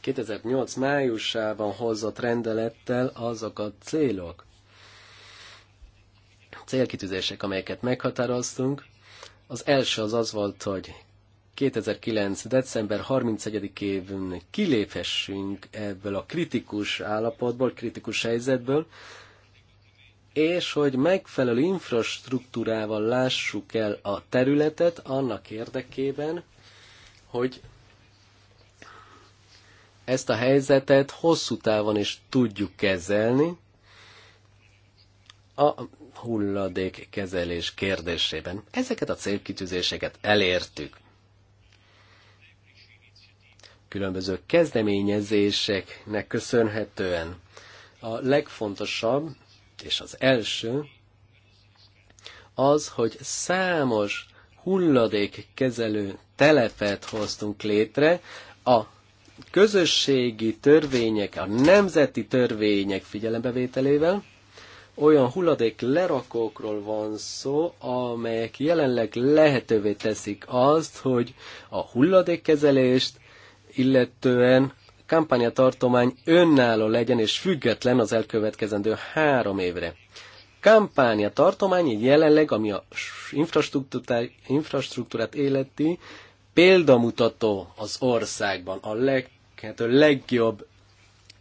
2008 májusában hozott rendelettel azok a célok, célkitűzések, amelyeket meghatároztunk. Az első az az volt, hogy 2009. december 31-én kiléphessünk ebből a kritikus állapotból, kritikus helyzetből, és hogy megfelelő infrastruktúrával lássuk el a területet annak érdekében, hogy ezt a helyzetet hosszú távon is tudjuk kezelni a hulladék kezelés kérdésében. Ezeket a célkitűzéseket elértük különböző kezdeményezéseknek köszönhetően. A legfontosabb, és az első, az, hogy számos hulladékkezelő telepet hoztunk létre, a közösségi törvények, a nemzeti törvények figyelembevételével, olyan hulladék lerakókról van szó, amelyek jelenleg lehetővé teszik azt, hogy a hulladékkezelést illetően kampányatartomány önálló legyen és független az elkövetkezendő három évre. Kampányatartomány tartomány jelenleg, ami a infrastruktúrát, infrastruktúrát életi, példamutató az országban, a leg, hát a legjobb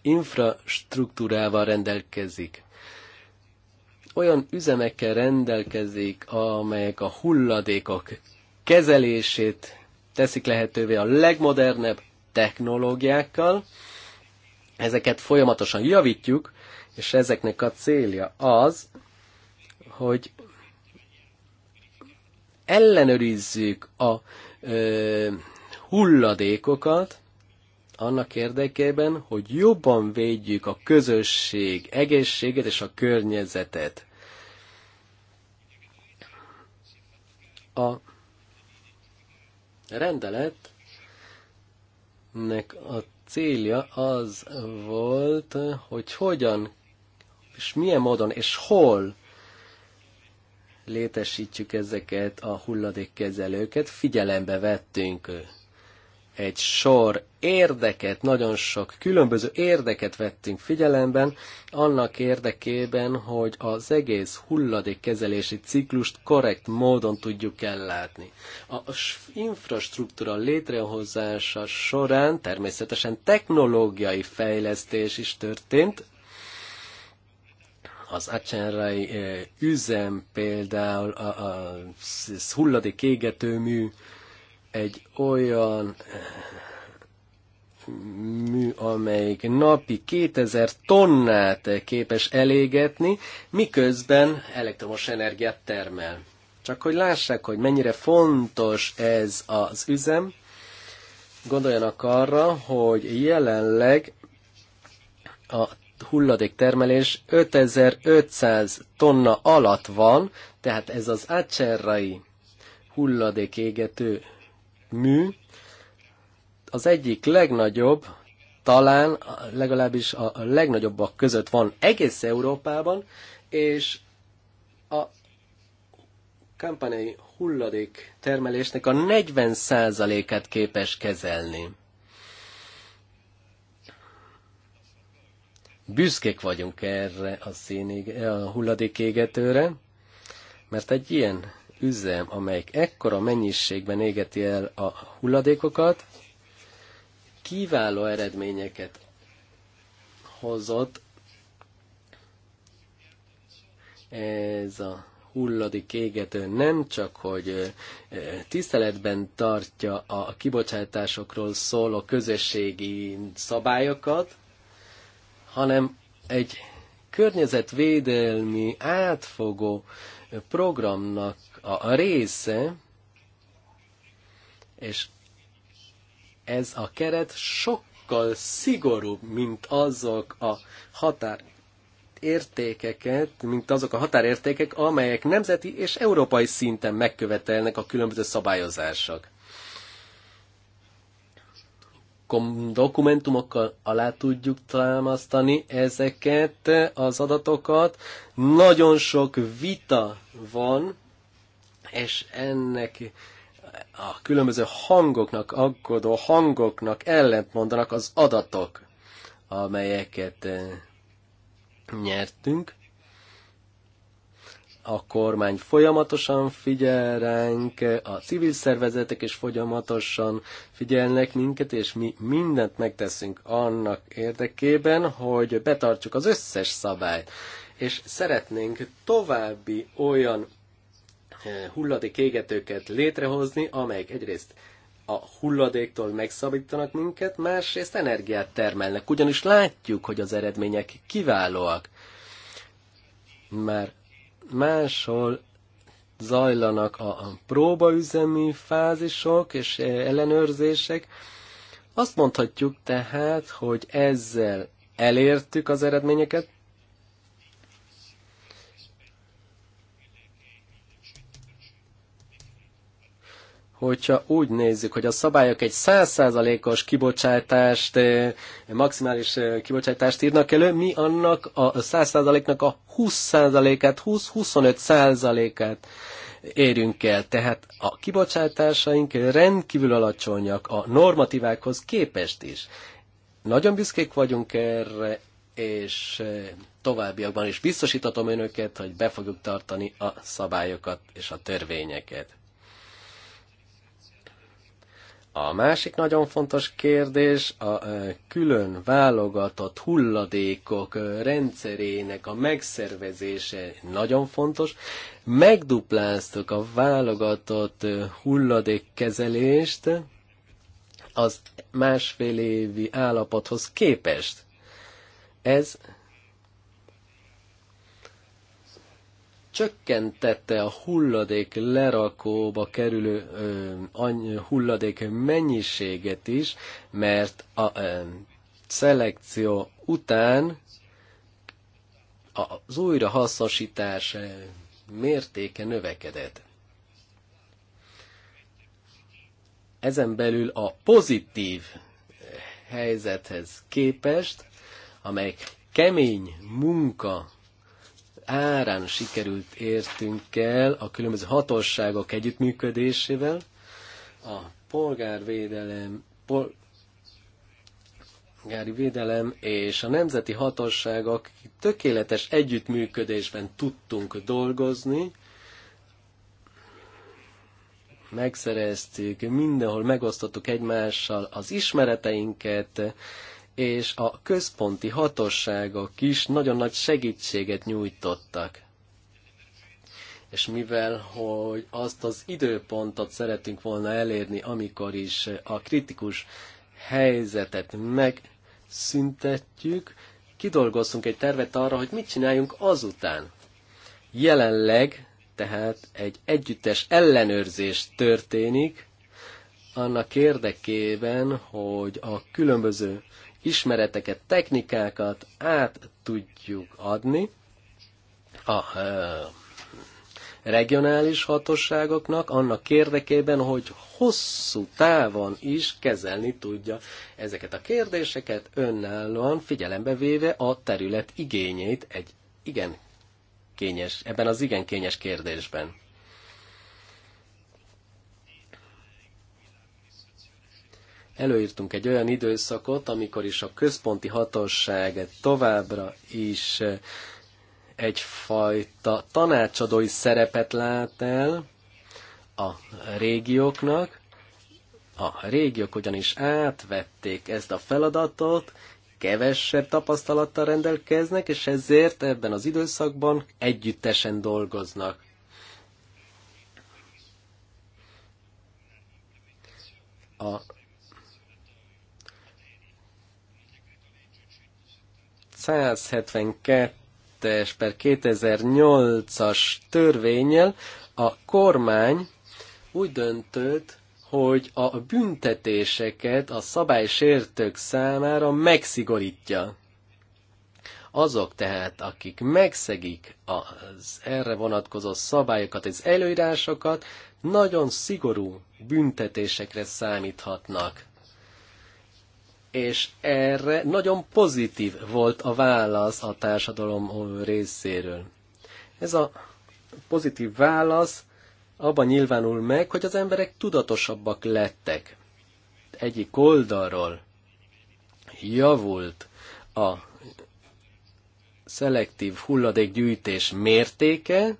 infrastruktúrával rendelkezik. Olyan üzemekkel rendelkezik, amelyek a hulladékok kezelését teszik lehetővé a legmodernebb technológiákkal, ezeket folyamatosan javítjuk, és ezeknek a célja az, hogy ellenőrizzük a ö, hulladékokat annak érdekében, hogy jobban védjük a közösség egészséget és a környezetet. A rendelet nek a célja az volt, hogy hogyan és milyen módon és hol létesítjük ezeket a hulladékkezelőket. Figyelembe vettünk egy sor érdeket, nagyon sok különböző érdeket vettünk figyelemben, annak érdekében, hogy az egész hulladékkezelési ciklust korrekt módon tudjuk ellátni. A infrastruktúra létrehozása során természetesen technológiai fejlesztés is történt, az acsenrai eh, üzem például a, a, a hulladék égetőmű egy olyan mű, amelyik napi 2000 tonnát képes elégetni, miközben elektromos energiát termel. Csak hogy lássák, hogy mennyire fontos ez az üzem, gondoljanak arra, hogy jelenleg a hulladéktermelés 5500 tonna alatt van, tehát ez az ácserrai hulladékégető mű az egyik legnagyobb, talán legalábbis a legnagyobbak között van egész Európában, és a kampanai hulladék termelésnek a 40%-át képes kezelni. Büszkék vagyunk erre a, színig, a hulladékégetőre, mert egy ilyen üzem, amelyik ekkora mennyiségben égeti el a hulladékokat, kiváló eredményeket hozott ez a hulladék égető nem csak, hogy tiszteletben tartja a kibocsátásokról szóló közösségi szabályokat, hanem egy környezetvédelmi átfogó programnak a része, és ez a keret sokkal szigorúbb, mint azok a határ értékeket, mint azok a határértékek, amelyek nemzeti és európai szinten megkövetelnek a különböző szabályozások. Dokumentumokkal alá tudjuk támasztani ezeket az adatokat. Nagyon sok vita van és ennek a különböző hangoknak, aggódó hangoknak ellent mondanak az adatok, amelyeket eh, nyertünk. A kormány folyamatosan figyel ránk, a civil szervezetek is folyamatosan figyelnek minket, és mi mindent megteszünk annak érdekében, hogy betartsuk az összes szabályt. És szeretnénk további olyan hulladék égetőket létrehozni, amelyek egyrészt a hulladéktól megszabadítanak minket, másrészt energiát termelnek, ugyanis látjuk, hogy az eredmények kiválóak. Már máshol zajlanak a próbaüzemi fázisok és eh, ellenőrzések. Azt mondhatjuk tehát, hogy ezzel elértük az eredményeket, hogyha úgy nézzük, hogy a szabályok egy százszázalékos kibocsátást, eh, maximális eh, kibocsátást írnak elő, mi annak a százszázaléknak a 20%-át, 20-25%-át érünk el. Tehát a kibocsátásaink rendkívül alacsonyak a normatívákhoz képest is. Nagyon büszkék vagyunk erre, és eh, továbbiakban is biztosítatom önöket, hogy be fogjuk tartani a szabályokat és a törvényeket. A másik nagyon fontos kérdés a külön válogatott hulladékok rendszerének a megszervezése nagyon fontos. Megdupláztuk a válogatott hulladékkezelést az másfél évi állapothoz képest. Ez csökkentette a hulladék lerakóba kerülő ö, any, hulladék mennyiséget is, mert a ö, szelekció után az újrahasznosítás mértéke növekedett. Ezen belül a pozitív helyzethez képest, amely kemény munka árán sikerült értünk el a különböző hatóságok együttműködésével, a polgárvédelem, pol, polgári védelem és a nemzeti hatóságok tökéletes együttműködésben tudtunk dolgozni, megszereztük, mindenhol megosztottuk egymással az ismereteinket, és a központi hatóságok is nagyon nagy segítséget nyújtottak. És mivel, hogy azt az időpontot szeretünk volna elérni, amikor is a kritikus helyzetet megszüntetjük, kidolgoztunk egy tervet arra, hogy mit csináljunk azután. Jelenleg tehát egy együttes ellenőrzés történik, annak érdekében, hogy a különböző ismereteket, technikákat át tudjuk adni a regionális hatóságoknak annak érdekében, hogy hosszú távon is kezelni tudja ezeket a kérdéseket, önállóan figyelembe véve a terület igényeit egy igen kényes, ebben az igen kényes kérdésben. előírtunk egy olyan időszakot, amikor is a központi hatóság továbbra is eh, egyfajta tanácsadói szerepet lát el a régióknak. A régiók ugyanis átvették ezt a feladatot, kevesebb tapasztalattal rendelkeznek, és ezért ebben az időszakban együttesen dolgoznak. A 172-es per 2008-as törvényel a kormány úgy döntött, hogy a büntetéseket a szabálysértők számára megszigorítja. Azok tehát, akik megszegik az erre vonatkozó szabályokat, az előírásokat, nagyon szigorú büntetésekre számíthatnak és erre nagyon pozitív volt a válasz a társadalom részéről. Ez a pozitív válasz abban nyilvánul meg, hogy az emberek tudatosabbak lettek. Egyik oldalról javult a szelektív hulladékgyűjtés mértéke,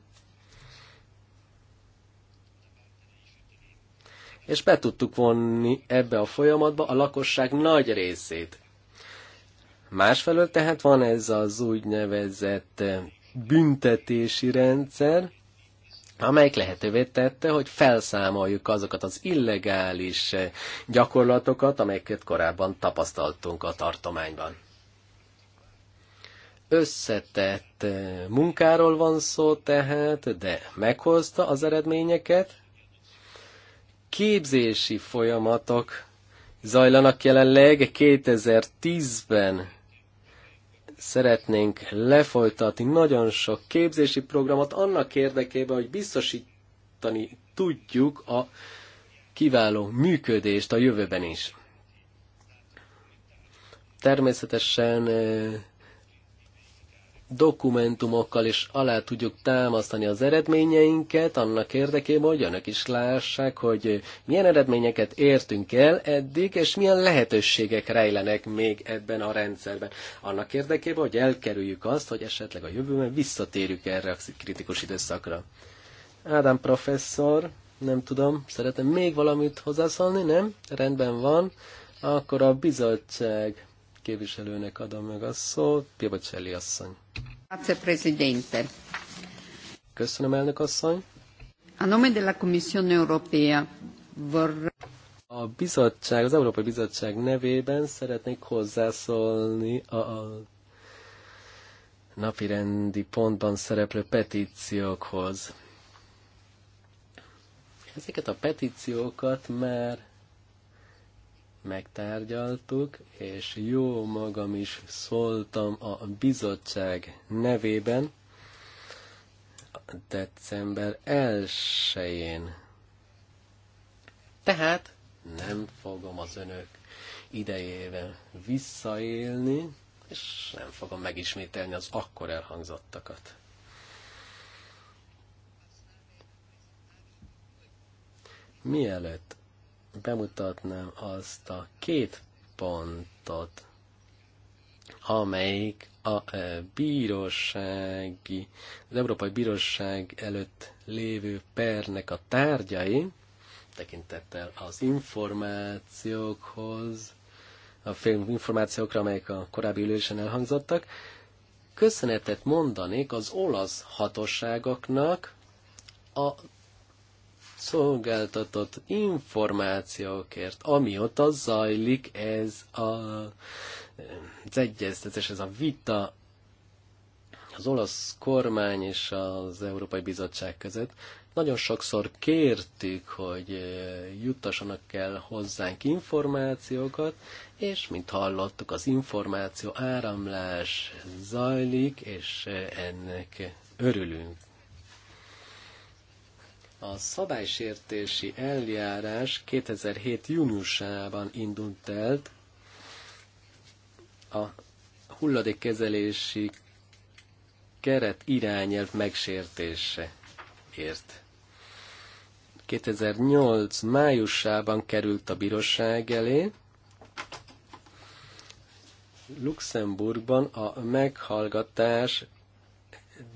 és be tudtuk vonni ebbe a folyamatba a lakosság nagy részét. Másfelől tehát van ez az úgynevezett büntetési rendszer, amelyik lehetővé tette, hogy felszámoljuk azokat az illegális gyakorlatokat, amelyeket korábban tapasztaltunk a tartományban. Összetett munkáról van szó tehát, de meghozta az eredményeket, képzési folyamatok zajlanak jelenleg. 2010-ben szeretnénk lefolytatni nagyon sok képzési programot annak érdekében, hogy biztosítani tudjuk a kiváló működést a jövőben is. Természetesen eh, dokumentumokkal is alá tudjuk támasztani az eredményeinket, annak érdekében, hogy önök is lássák, hogy milyen eredményeket értünk el eddig, és milyen lehetőségek rejlenek még ebben a rendszerben. Annak érdekében, hogy elkerüljük azt, hogy esetleg a jövőben visszatérjük erre a kritikus időszakra. Ádám professzor, nem tudom, szeretem még valamit hozzászólni, nem? Rendben van. Akkor a bizottság képviselőnek adom meg a szót, Pivacseli asszony. Köszönöm, elnök asszony. A nome della Commissione Europea a bizottság, az Európai Bizottság nevében szeretnék hozzászólni a, a napirendi pontban szereplő petíciókhoz. Ezeket a petíciókat már megtárgyaltuk, és jó magam is szóltam a bizottság nevében december 1-én. Tehát nem fogom az önök idejével visszaélni, és nem fogom megismételni az akkor elhangzottakat. Mielőtt bemutatnám azt a két pontot, amelyik a e, bírósági, az Európai Bíróság előtt lévő pernek a tárgyai, tekintettel az információkhoz, a film információkra, amelyek a korábbi ülésen elhangzottak. Köszönetet mondanék az olasz hatóságoknak a szolgáltatott információkért, amióta zajlik ez a, az egyeztetés, ez a vita az olasz kormány és az Európai Bizottság között. Nagyon sokszor kértük, hogy eh, juttassanak el hozzánk információkat, és mint hallottuk, az információ áramlás zajlik, és eh, ennek örülünk. A szabálysértési eljárás 2007. júniusában indult el a hulladékkezelési keret irányelv megsértése ért. 2008. májusában került a bíróság elé, Luxemburgban a meghallgatás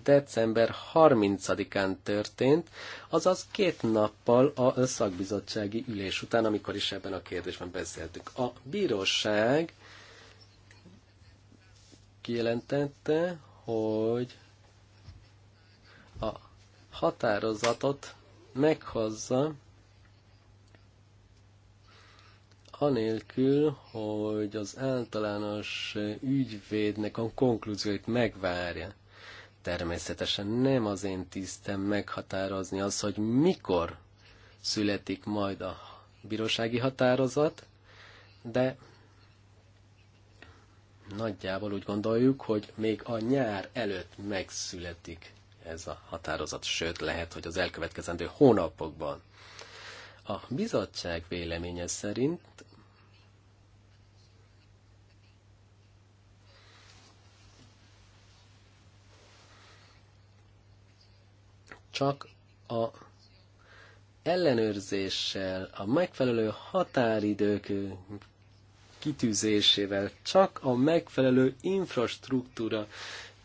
december 30-án történt, azaz két nappal a szakbizottsági ülés után, amikor is ebben a kérdésben beszéltük. A bíróság kijelentette, hogy a határozatot meghozza anélkül, hogy az általános ügyvédnek a konklúzióit megvárja. Természetesen nem az én tisztem meghatározni az, hogy mikor születik majd a bírósági határozat, de nagyjából úgy gondoljuk, hogy még a nyár előtt megszületik ez a határozat, sőt lehet, hogy az elkövetkezendő hónapokban. A bizottság véleménye szerint csak a ellenőrzéssel, a megfelelő határidők kitűzésével, csak a megfelelő infrastruktúra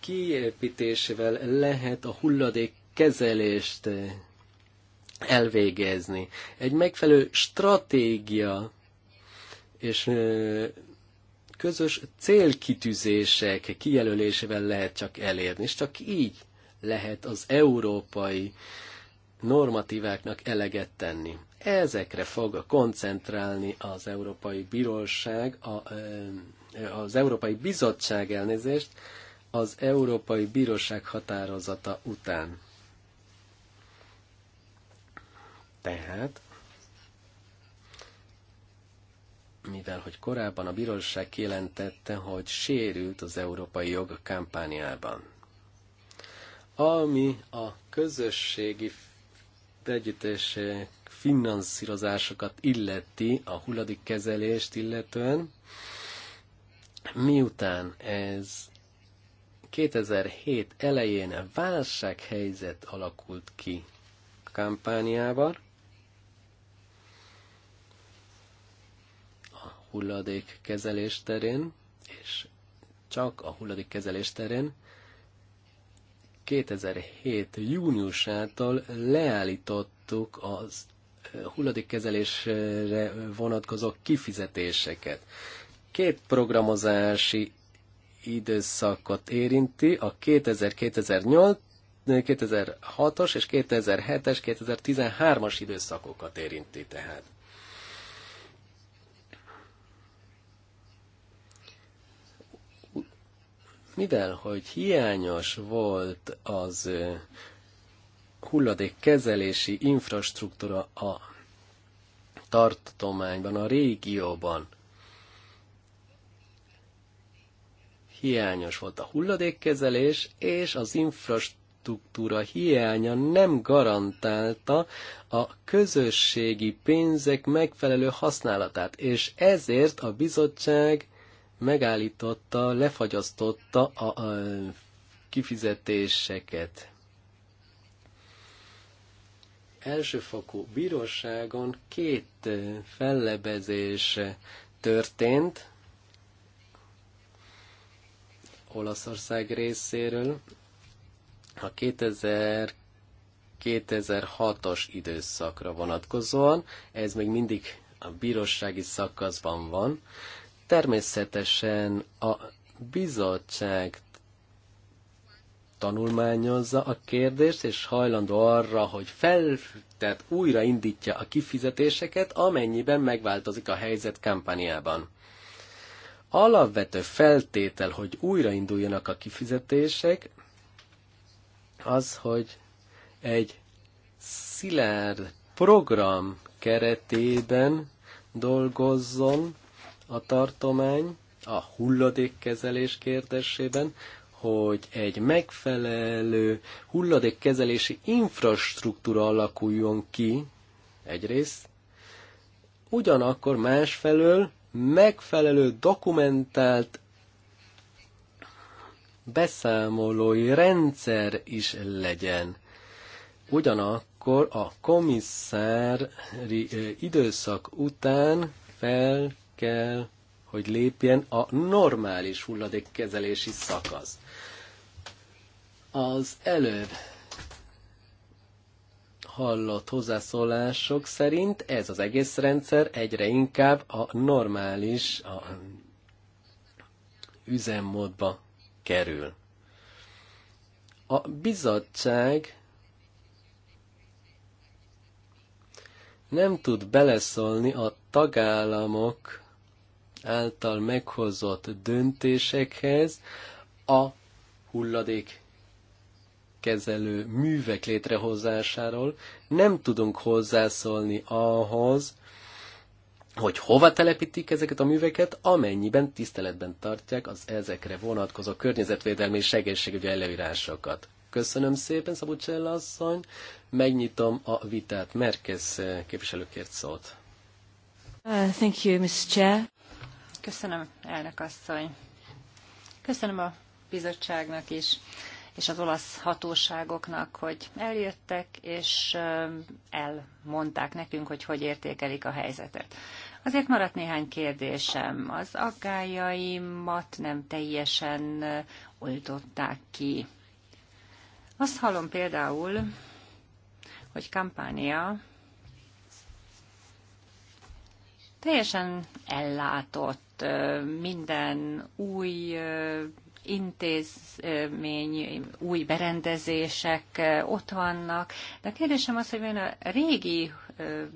kiépítésével lehet a hulladék kezelést elvégezni. Egy megfelelő stratégia és közös célkitűzések kijelölésével lehet csak elérni, és csak így lehet az európai normatíváknak eleget tenni. Ezekre fog koncentrálni az Európai Bíróság, a, az Európai Bizottság elnézést az Európai Bíróság határozata után. Tehát, mivel hogy korábban a bíróság kijelentette, hogy sérült az európai jog kampányában. Ami a közösségi együttesek finanszírozásokat illeti, a hulladékkezelést illetően, miután ez 2007 elején válsághelyzet alakult ki kampányával a kezelés terén, és csak a kezelés terén, 2007. júniusától leállítottuk az hulladékkezelésre vonatkozó kifizetéseket. Két programozási időszakot érinti, a 2008 2006-os és 2007-es, 2013-as időszakokat érinti tehát. mivel hogy hiányos volt az hulladékkezelési infrastruktúra a tartományban, a régióban, hiányos volt a hulladékkezelés, és az infrastruktúra hiánya nem garantálta a közösségi pénzek megfelelő használatát, és ezért a bizottság megállította, lefagyasztotta a, a kifizetéseket. Elsőfokú bíróságon két fellebezés történt Olaszország részéről a 2006-os időszakra vonatkozóan. Ez még mindig a bírósági szakaszban van. Természetesen a bizottság tanulmányozza a kérdést, és hajlandó arra, hogy fel, tehát újra a kifizetéseket, amennyiben megváltozik a helyzet kampányában. Alapvető feltétel, hogy újrainduljanak a kifizetések, az, hogy egy szilárd program keretében dolgozzon a tartomány a hulladékkezelés kérdésében, hogy egy megfelelő hulladékkezelési infrastruktúra alakuljon ki egyrészt, ugyanakkor másfelől megfelelő dokumentált beszámolói rendszer is legyen. Ugyanakkor a komisszári eh, időszak után fel kell, hogy lépjen a normális hulladékkezelési szakasz. Az előbb hallott hozzászólások szerint ez az egész rendszer egyre inkább a normális a üzemmódba kerül. A bizottság nem tud beleszólni a tagállamok által meghozott döntésekhez a hulladék kezelő művek létrehozásáról nem tudunk hozzászólni ahhoz, hogy hova telepítik ezeket a műveket, amennyiben tiszteletben tartják az ezekre vonatkozó környezetvédelmi és egészségügyi előírásokat. Köszönöm szépen, Szabó asszony. Megnyitom a vitát. Merkez képviselőkért szót. Uh, thank you, Mr. Chair. Köszönöm, elnök asszony. Köszönöm a bizottságnak is, és az olasz hatóságoknak, hogy eljöttek, és elmondták nekünk, hogy hogy értékelik a helyzetet. Azért maradt néhány kérdésem. Az aggájaimat nem teljesen oltották ki. Azt hallom például, hogy kampánia teljesen ellátott minden új intézmény, új berendezések ott vannak. De a kérdésem az, hogy a régi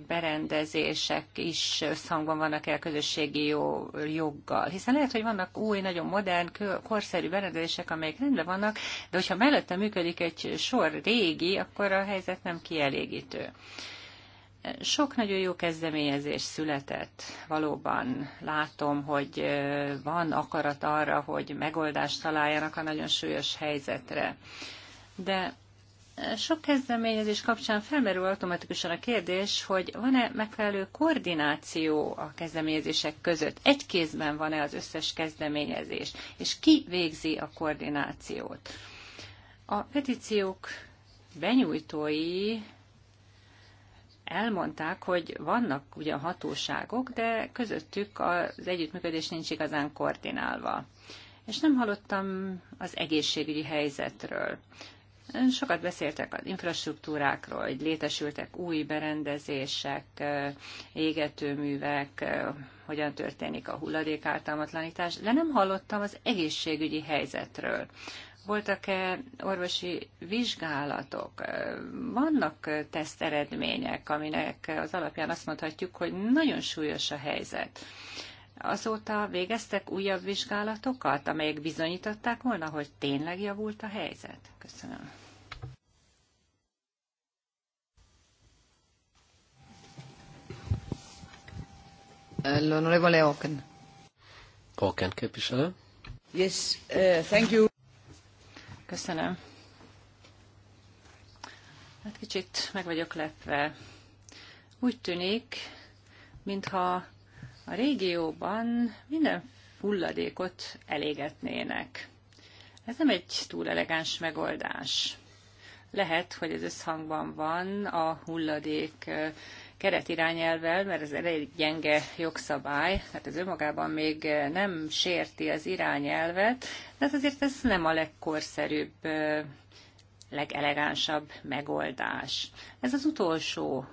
berendezések is összhangban vannak el közösségi jó, joggal. Hiszen lehet, hogy vannak új, nagyon modern, korszerű berendezések, amelyek rendben vannak, de hogyha mellette működik egy sor régi, akkor a helyzet nem kielégítő. Sok nagyon jó kezdeményezés született. Valóban látom, hogy van akarat arra, hogy megoldást találjanak a nagyon súlyos helyzetre. De sok kezdeményezés kapcsán felmerül automatikusan a kérdés, hogy van-e megfelelő koordináció a kezdeményezések között? Egy kézben van-e az összes kezdeményezés? És ki végzi a koordinációt? A petíciók benyújtói elmondták, hogy vannak ugyan hatóságok, de közöttük az együttműködés nincs igazán koordinálva. És nem hallottam az egészségügyi helyzetről. Sokat beszéltek az infrastruktúrákról, hogy létesültek új berendezések, égetőművek, hogyan történik a hulladék ártalmatlanítás, de nem hallottam az egészségügyi helyzetről voltak-e orvosi vizsgálatok? Vannak teszt eredmények, aminek az alapján azt mondhatjuk, hogy nagyon súlyos a helyzet. Azóta végeztek újabb vizsgálatokat, amelyek bizonyították volna, hogy tényleg javult a helyzet? Köszönöm. L'onorevole Oken. Oken képviselő. Yes, uh, thank you. Köszönöm. Hát kicsit meg vagyok lepve. Úgy tűnik, mintha a régióban minden hulladékot elégetnének. Ez nem egy túl elegáns megoldás. Lehet, hogy ez összhangban van a hulladék keretirányelvvel, mert ez elég gyenge jogszabály, hát ez önmagában még nem sérti az irányelvet, de hát azért ez nem a legkorszerűbb legelegánsabb megoldás. Ez az utolsó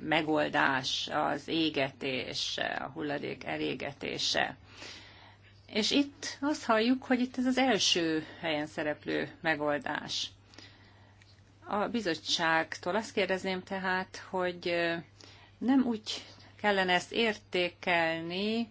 megoldás, az égetés, a hulladék elégetése. És itt azt halljuk, hogy itt ez az első helyen szereplő megoldás. A bizottságtól azt kérdezném tehát, hogy nem úgy kellene ezt értékelni,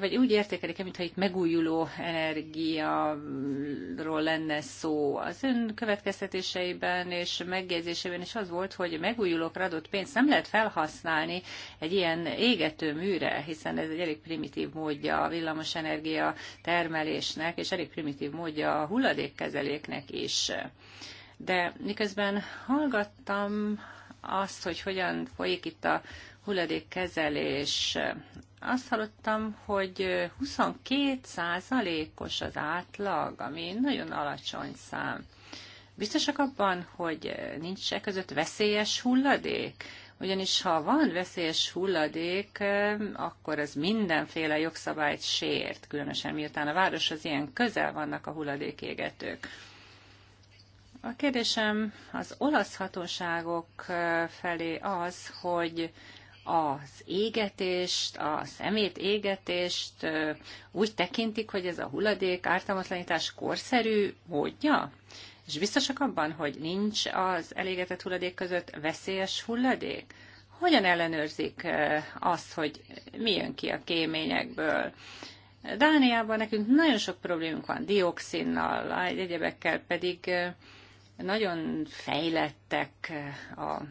vagy úgy értékelik, mintha itt megújuló energiáról lenne szó. Az ön következtetéseiben és megjegyzéseiben is az volt, hogy megújulókra adott pénzt nem lehet felhasználni egy ilyen égető műre, hiszen ez egy elég primitív módja a villamosenergia termelésnek, és elég primitív módja a hulladékkezeléknek is. De miközben hallgattam, azt, hogy hogyan folyik itt a hulladékkezelés. Azt hallottam, hogy 22 százalékos az átlag, ami nagyon alacsony szám. Biztosak abban, hogy nincs e között veszélyes hulladék? Ugyanis ha van veszélyes hulladék, akkor ez mindenféle jogszabályt sért, különösen miután a városhoz ilyen közel vannak a hulladékégetők. A kérdésem az olasz hatóságok felé az, hogy az égetést, a szemét égetést úgy tekintik, hogy ez a hulladék ártalmatlanítás korszerű módja? És biztosak abban, hogy nincs az elégetett hulladék között veszélyes hulladék? Hogyan ellenőrzik azt, hogy mi jön ki a kéményekből? Dániában nekünk nagyon sok problémunk van dioxinnal, egyebekkel pedig nagyon fejlettek eh, a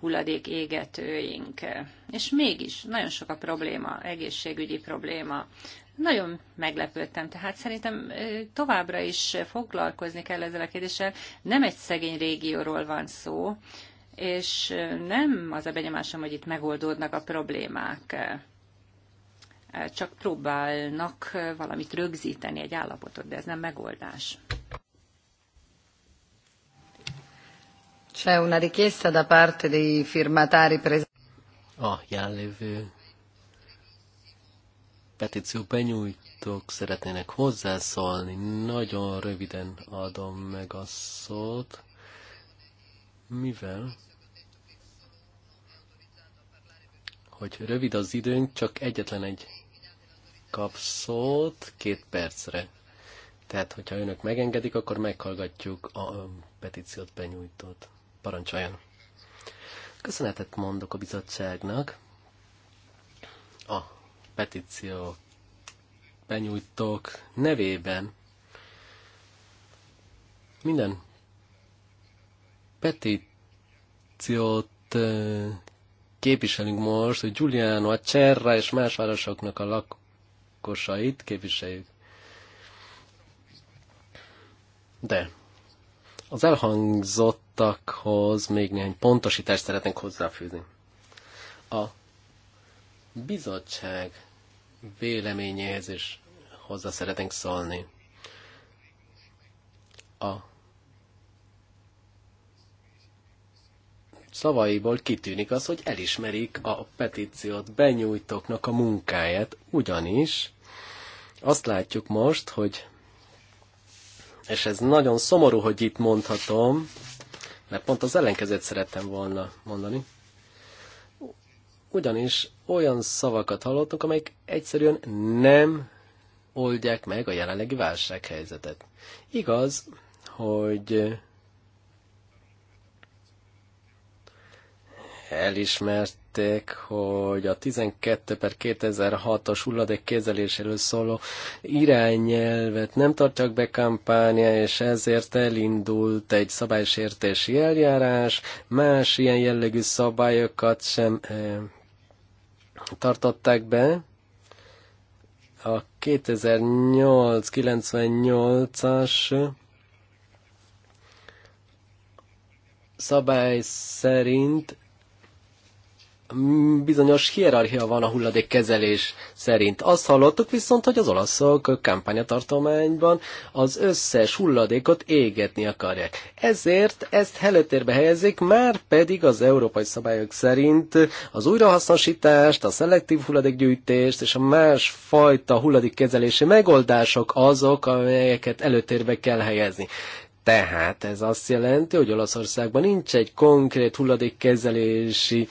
hulladék égetőink, eh, és mégis nagyon sok a probléma, egészségügyi probléma. Nagyon meglepődtem, tehát szerintem eh, továbbra is foglalkozni kell ezzel a kérdéssel. Nem egy szegény régióról van szó, és nem az a benyomásom, hogy itt megoldódnak a problémák. Csak próbálnak valamit rögzíteni egy állapotot, de ez nem megoldás. C'è una richiesta da parte dei firmatari presenti. A jelenlévő petíció benyújtók szeretnének hozzászólni. Nagyon röviden adom meg a szót, mivel hogy rövid az időnk, csak egyetlen egy kap szót két percre. Tehát, hogyha önök megengedik, akkor meghallgatjuk a petíciót benyújtót. Parancsoljon! Köszönetet mondok a bizottságnak. A petíció benyújtók nevében minden petíciót képviselünk most, hogy Giuliano, a Cserra és más városoknak a lakosait képviseljük. De az elhangzottakhoz még néhány pontosítást szeretnénk hozzáfűzni. A bizottság véleményéhez is hozzá szeretnénk szólni. A szavaiból kitűnik az, hogy elismerik a petíciót benyújtóknak a munkáját, ugyanis azt látjuk most, hogy és ez nagyon szomorú, hogy itt mondhatom, mert pont az ellenkezőt szerettem volna mondani. Ugyanis olyan szavakat hallottunk, amelyek egyszerűen nem oldják meg a jelenlegi válsághelyzetet. Igaz, hogy elismert említették, hogy a 12 per 2006-os hulladék kezeléséről szóló irányelvet nem tartják be kampánya, és ezért elindult egy szabálysértési eljárás, más ilyen jellegű szabályokat sem e, tartották be, a 2008-98-as szabály szerint bizonyos hierarchia van a hulladékkezelés szerint. Azt hallottuk viszont, hogy az olaszok kampányatartományban az összes hulladékot égetni akarják. Ezért ezt előtérbe helyezik, már pedig az európai szabályok szerint az újrahasznosítást, a szelektív hulladékgyűjtést és a másfajta hulladékkezelési megoldások azok, amelyeket előtérbe kell helyezni. Tehát ez azt jelenti, hogy Olaszországban nincs egy konkrét hulladékkezelési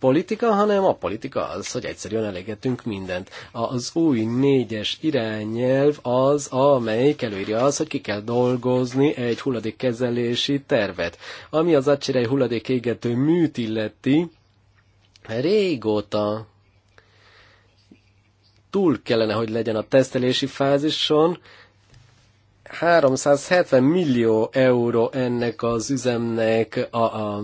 politika, hanem a politika az, hogy egyszerűen elégetünk mindent. Az új négyes irányelv az, amelyik előírja az, hogy ki kell dolgozni egy hulladékkezelési tervet. Ami az acsirai hulladékégető műt illeti, régóta túl kellene, hogy legyen a tesztelési fázison, 370 millió euró ennek az üzemnek a, a